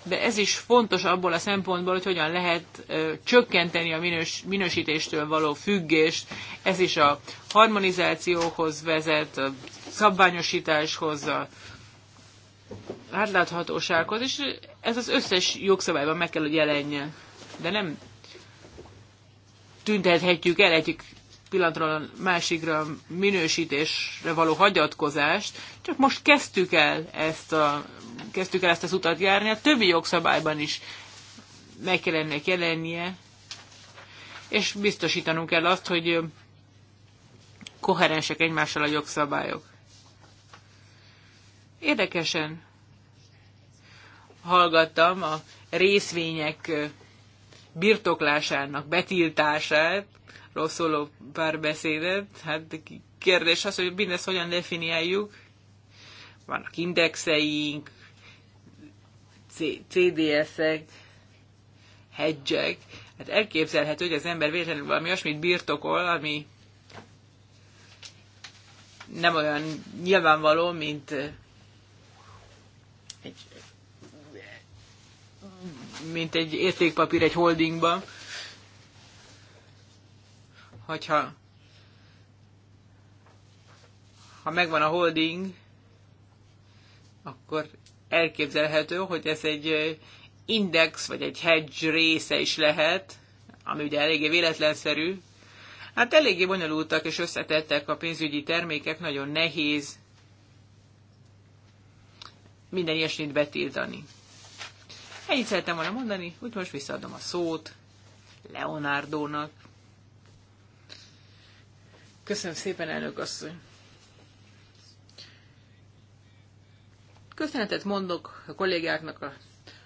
de ez is fontos abból a szempontból, hogy hogyan lehet ö, csökkenteni a minős, minősítéstől való függést. Ez is a harmonizációhoz vezet, a szabványosításhoz, a átláthatósághoz, és ez az összes jogszabályban meg kell, hogy jelenjen. De nem tüntethetjük el egyik pillanatról a másikra minősítésre való hagyatkozást, csak most kezdtük el ezt a kezdtük el ezt az utat járni, a többi jogszabályban is meg kell ennek jelennie, és biztosítanunk kell azt, hogy koherensek egymással a jogszabályok. Érdekesen hallgattam a részvények birtoklásának betiltását, szóló párbeszédet. Hát kérdés az, hogy mindezt hogyan definiáljuk. Vannak indexeink, CDS-ek, hedgek. Hát elképzelhető, hogy az ember véletlenül valami olyasmit birtokol, ami nem olyan nyilvánvaló, mint eh, egy, mint egy értékpapír egy holdingba. Hogyha ha megvan a holding, akkor elképzelhető, hogy ez egy index vagy egy hedge része is lehet, ami ugye eléggé véletlenszerű. Hát eléggé bonyolultak és összetettek a pénzügyi termékek, nagyon nehéz minden ilyesmit betiltani. Ennyit szerettem volna mondani, úgy most visszaadom a szót Leonardónak. Köszönöm szépen, elnök asszony! Köszönetet mondok a kollégáknak a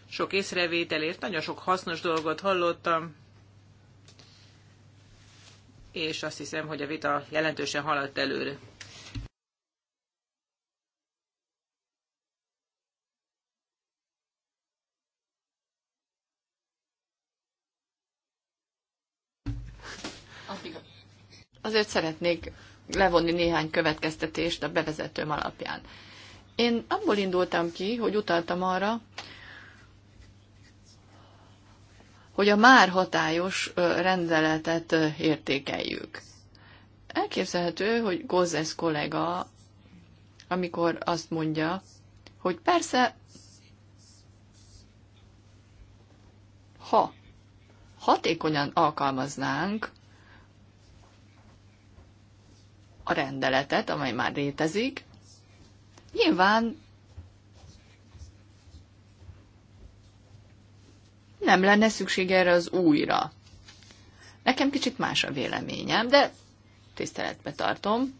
sok észrevételért, nagyon sok hasznos dolgot hallottam, és azt hiszem, hogy a vita jelentősen haladt előre. Azért szeretnék levonni néhány következtetést a bevezetőm alapján. Én abból indultam ki, hogy utaltam arra, hogy a már hatályos rendeletet értékeljük. Elképzelhető, hogy Gózes kollega, amikor azt mondja, hogy persze, ha hatékonyan alkalmaznánk a rendeletet, amely már létezik, nyilván nem lenne szükség erre az újra. Nekem kicsit más a véleményem, de tiszteletbe tartom.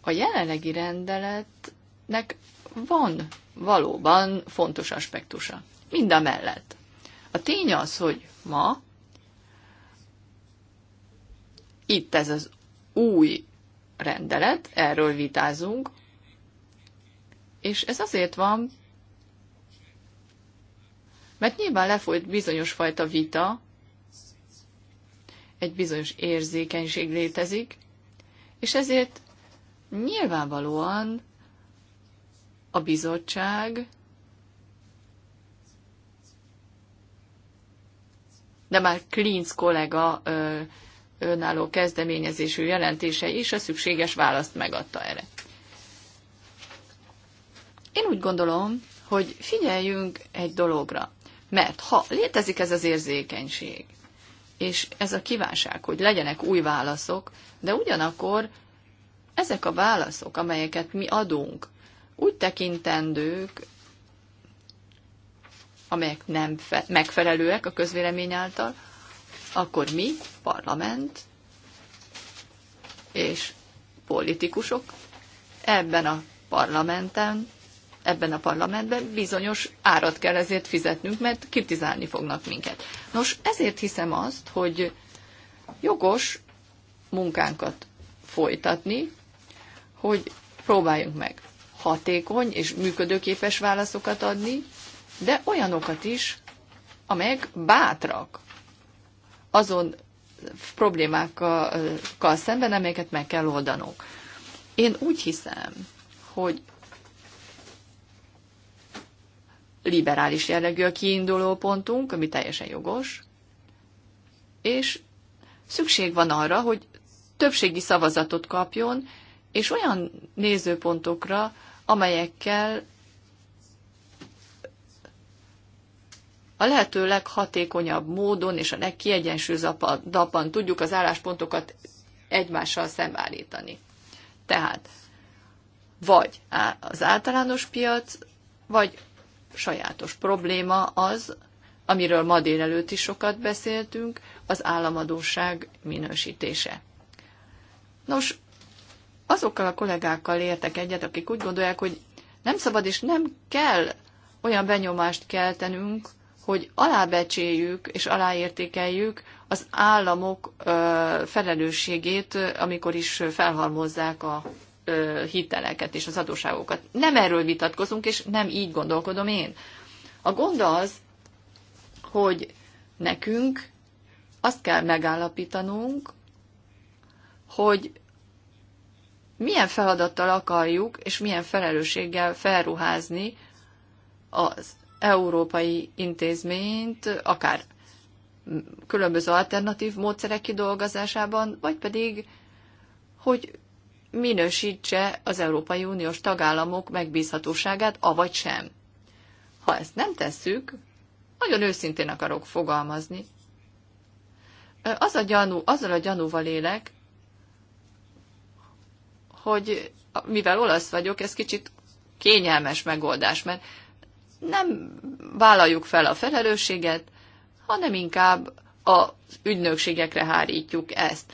A jelenlegi rendeletnek van valóban fontos aspektusa. Mind a mellett. A tény az, hogy ma itt ez az új rendelet, erről vitázunk, és ez azért van, mert nyilván lefolyt bizonyos fajta vita, egy bizonyos érzékenység létezik, és ezért nyilvánvalóan a bizottság de már Klinz kollega ö, önálló kezdeményezésű jelentése is a szükséges választ megadta erre. Én úgy gondolom, hogy figyeljünk egy dologra, mert ha létezik ez az érzékenység, és ez a kívánság, hogy legyenek új válaszok, de ugyanakkor ezek a válaszok, amelyeket mi adunk, úgy tekintendők, amelyek nem megfelelőek a közvélemény által, akkor mi, parlament és politikusok ebben a parlamenten, ebben a parlamentben bizonyos árat kell ezért fizetnünk, mert kritizálni fognak minket. Nos, ezért hiszem azt, hogy jogos munkánkat folytatni, hogy próbáljunk meg hatékony és működőképes válaszokat adni, de olyanokat is, amelyek bátrak azon problémákkal szemben, amelyeket meg kell oldanunk. Én úgy hiszem, hogy liberális jellegű a kiinduló pontunk, ami teljesen jogos, és szükség van arra, hogy többségi szavazatot kapjon, és olyan nézőpontokra, amelyekkel a lehető leghatékonyabb módon és a legkiegyensúlyozottabban tudjuk az álláspontokat egymással szembeállítani. Tehát vagy az általános piac, vagy sajátos probléma az, amiről ma délelőtt is sokat beszéltünk, az államadóság minősítése. Nos, azokkal a kollégákkal értek egyet, akik úgy gondolják, hogy nem szabad és nem kell olyan benyomást keltenünk, hogy alábecséljük és aláértékeljük az államok felelősségét, amikor is felhalmozzák a hiteleket és az adóságokat. Nem erről vitatkozunk, és nem így gondolkodom én. A gond az, hogy nekünk azt kell megállapítanunk, hogy milyen feladattal akarjuk és milyen felelősséggel felruházni az európai intézményt, akár különböző alternatív módszerek kidolgozásában, vagy pedig, hogy minősítse az Európai Uniós tagállamok megbízhatóságát, avagy sem. Ha ezt nem tesszük, nagyon őszintén akarok fogalmazni. Az a gyanú, azzal a gyanúval élek, hogy mivel olasz vagyok, ez kicsit kényelmes megoldás, mert nem vállaljuk fel a felelősséget, hanem inkább az ügynökségekre hárítjuk ezt.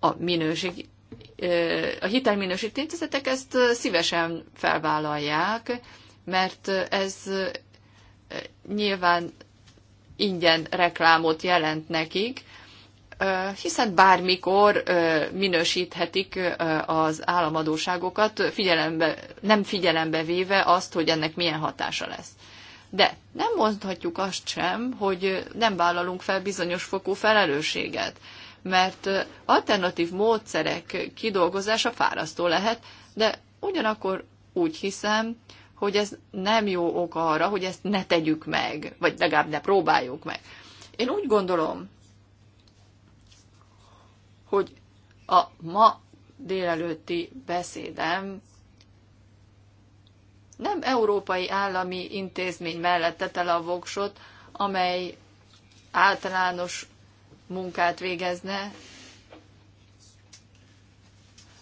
A minőség, a hitelminősítő intézetek ezt szívesen felvállalják, mert ez nyilván ingyen reklámot jelent nekik, hiszen bármikor minősíthetik az államadóságokat, figyelembe, nem figyelembe véve azt, hogy ennek milyen hatása lesz. De nem mondhatjuk azt sem, hogy nem vállalunk fel bizonyos fokú felelősséget, mert alternatív módszerek kidolgozása fárasztó lehet, de ugyanakkor úgy hiszem, hogy ez nem jó ok arra, hogy ezt ne tegyük meg, vagy legalább ne próbáljuk meg. Én úgy gondolom, hogy a ma délelőtti beszédem nem európai állami intézmény mellett tette le a voksot, amely általános munkát végezne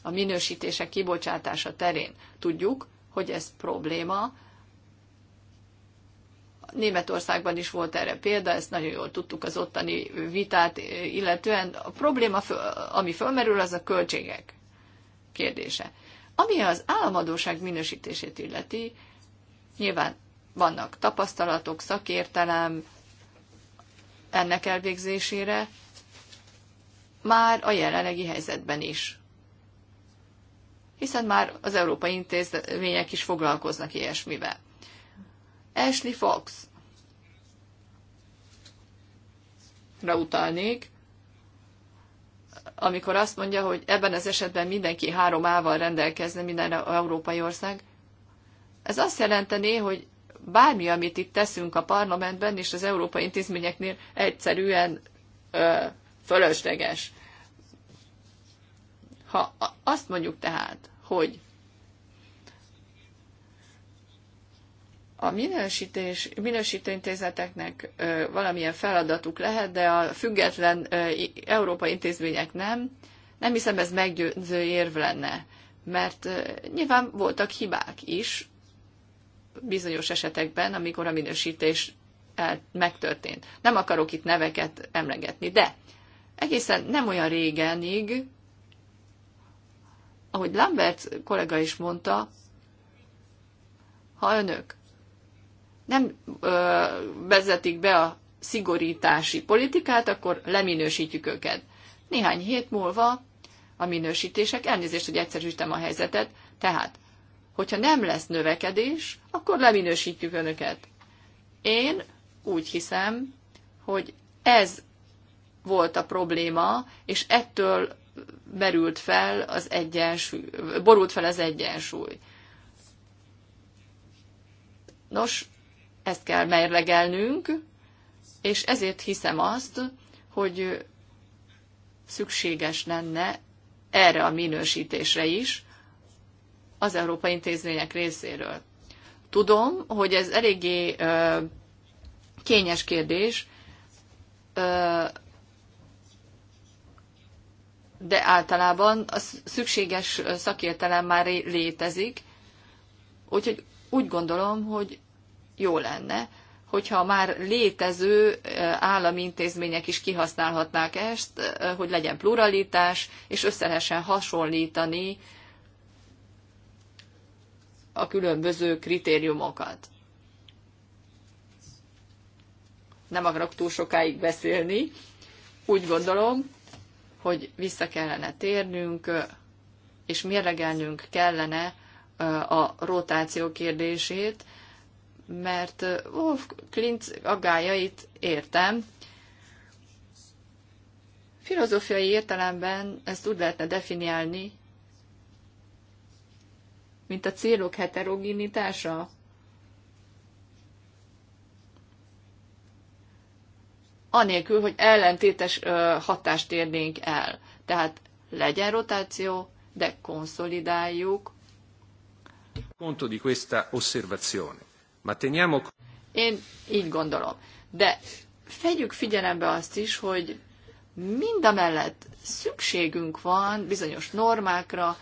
a minősítések kibocsátása terén. Tudjuk, hogy ez probléma, Németországban is volt erre példa, ezt nagyon jól tudtuk az ottani vitát, illetően a probléma, ami fölmerül, az a költségek kérdése. Ami az államadóság minősítését illeti, nyilván vannak tapasztalatok, szakértelem ennek elvégzésére, már a jelenlegi helyzetben is. Hiszen már az európai intézmények is foglalkoznak ilyesmivel. Ashley Fox. utalnék, amikor azt mondja, hogy ebben az esetben mindenki három ával rendelkezne minden európai ország, ez azt jelenteni, hogy bármi, amit itt teszünk a parlamentben és az európai intézményeknél egyszerűen ö, fölösleges. Ha azt mondjuk tehát, hogy a minősítés, intézeteknek valamilyen feladatuk lehet, de a független európai intézmények nem. Nem hiszem ez meggyőző érv lenne, mert nyilván voltak hibák is bizonyos esetekben, amikor a minősítés megtörtént. Nem akarok itt neveket emlegetni, de egészen nem olyan régenig, ahogy Lambert kollega is mondta, ha önök nem ö, vezetik be a szigorítási politikát, akkor leminősítjük őket. Néhány hét múlva a minősítések, elnézést, hogy egyszerűsítem a helyzetet, tehát, hogyha nem lesz növekedés, akkor leminősítjük önöket. Én úgy hiszem, hogy ez volt a probléma, és ettől merült fel az egyensúly, borult fel az egyensúly. Nos, ezt kell mérlegelnünk, és ezért hiszem azt, hogy szükséges lenne erre a minősítésre is az európai intézmények részéről. Tudom, hogy ez eléggé ö, kényes kérdés, ö, de általában a szükséges szakértelem már létezik, úgyhogy úgy gondolom, hogy jó lenne, hogyha már létező állami intézmények is kihasználhatnák ezt, hogy legyen pluralitás, és össze lehessen hasonlítani a különböző kritériumokat. Nem akarok túl sokáig beszélni. Úgy gondolom, hogy vissza kellene térnünk, és mérlegelnünk kellene a rotáció kérdését, mert uh, Klint aggájait értem. Filozófiai értelemben ezt úgy lehetne definiálni, mint a célok heterogénitása. Anélkül, hogy ellentétes hatást érnénk el. Tehát legyen rotáció, de konszolidáljuk. Conto di questa osservazione Ma teniamo... Én így gondolom. De fegyük figyelembe azt is, hogy mind a mellett szükségünk van bizonyos normákra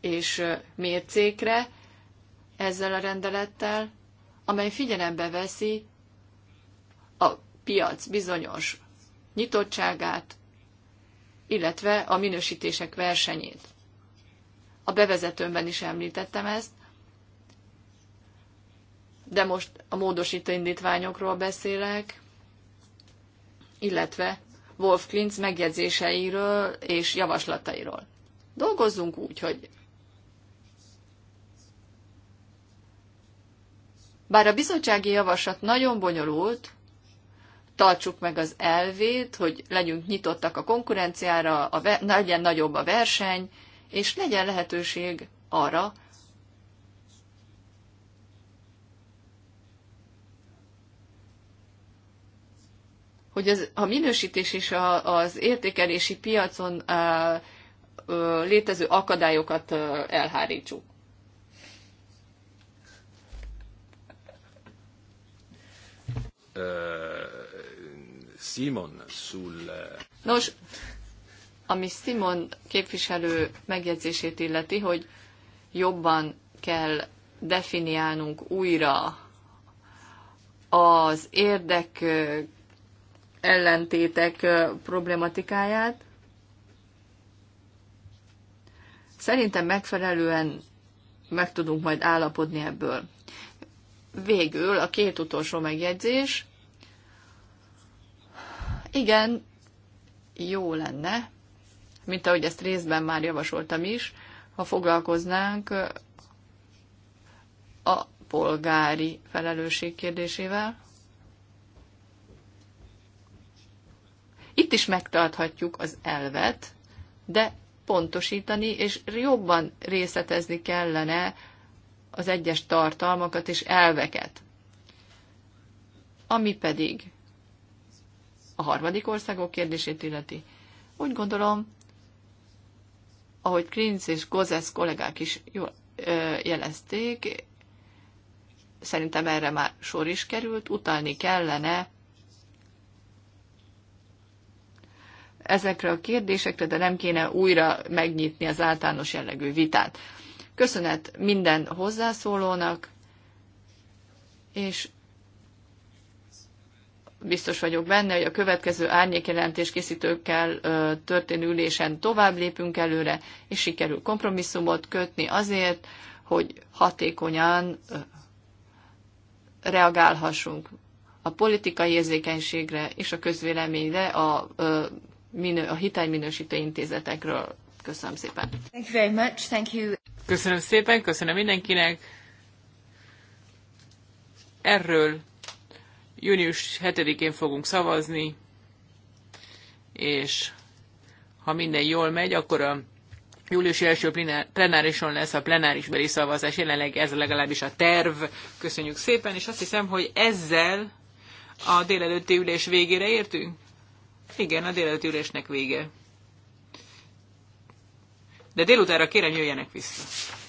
és mércékre ezzel a rendelettel, amely figyelembe veszi a piac bizonyos nyitottságát, illetve a minősítések versenyét. A bevezetőmben is említettem ezt, de most a módosító indítványokról beszélek, illetve Wolf Klintz megjegyzéseiről és javaslatairól. Dolgozzunk úgy, hogy bár a bizottsági javaslat nagyon bonyolult, tartsuk meg az elvét, hogy legyünk nyitottak a konkurenciára, a ve- legyen nagyobb a verseny, és legyen lehetőség arra, hogy az, a minősítés és a, az értékelési piacon a, a, létező akadályokat elhárítsuk. Simon sul... Nos, ami Simon képviselő megjegyzését illeti, hogy jobban kell definiálnunk újra az érdek ellentétek problematikáját. Szerintem megfelelően meg tudunk majd állapodni ebből. Végül a két utolsó megjegyzés. Igen, jó lenne, mint ahogy ezt részben már javasoltam is, ha foglalkoznánk a polgári felelősség kérdésével. Itt is megtarthatjuk az elvet, de pontosítani és jobban részletezni kellene az egyes tartalmakat és elveket. Ami pedig a harmadik országok kérdését illeti. Úgy gondolom, ahogy Krinz és Gozes kollégák is jól jelezték, szerintem erre már sor is került, utalni kellene ezekre a kérdésekre, de nem kéne újra megnyitni az általános jellegű vitát. Köszönet minden hozzászólónak, és biztos vagyok benne, hogy a következő árnyékjelentés készítőkkel történő ülésen tovább lépünk előre, és sikerül kompromisszumot kötni azért, hogy hatékonyan reagálhassunk a politikai érzékenységre és a közvéleményre a ö, minő, a hitelminősítő intézetekről. Köszönöm szépen. Thank you very much. Thank you. Köszönöm szépen, köszönöm mindenkinek. Erről június 7-én fogunk szavazni, és ha minden jól megy, akkor a július első plenárison lesz a plenárisbeli szavazás. Jelenleg ez legalábbis a terv. Köszönjük szépen, és azt hiszem, hogy ezzel a délelőtti ülés végére értünk. Igen, a délelőtt ülésnek vége. De délutára kérem jöjjenek vissza.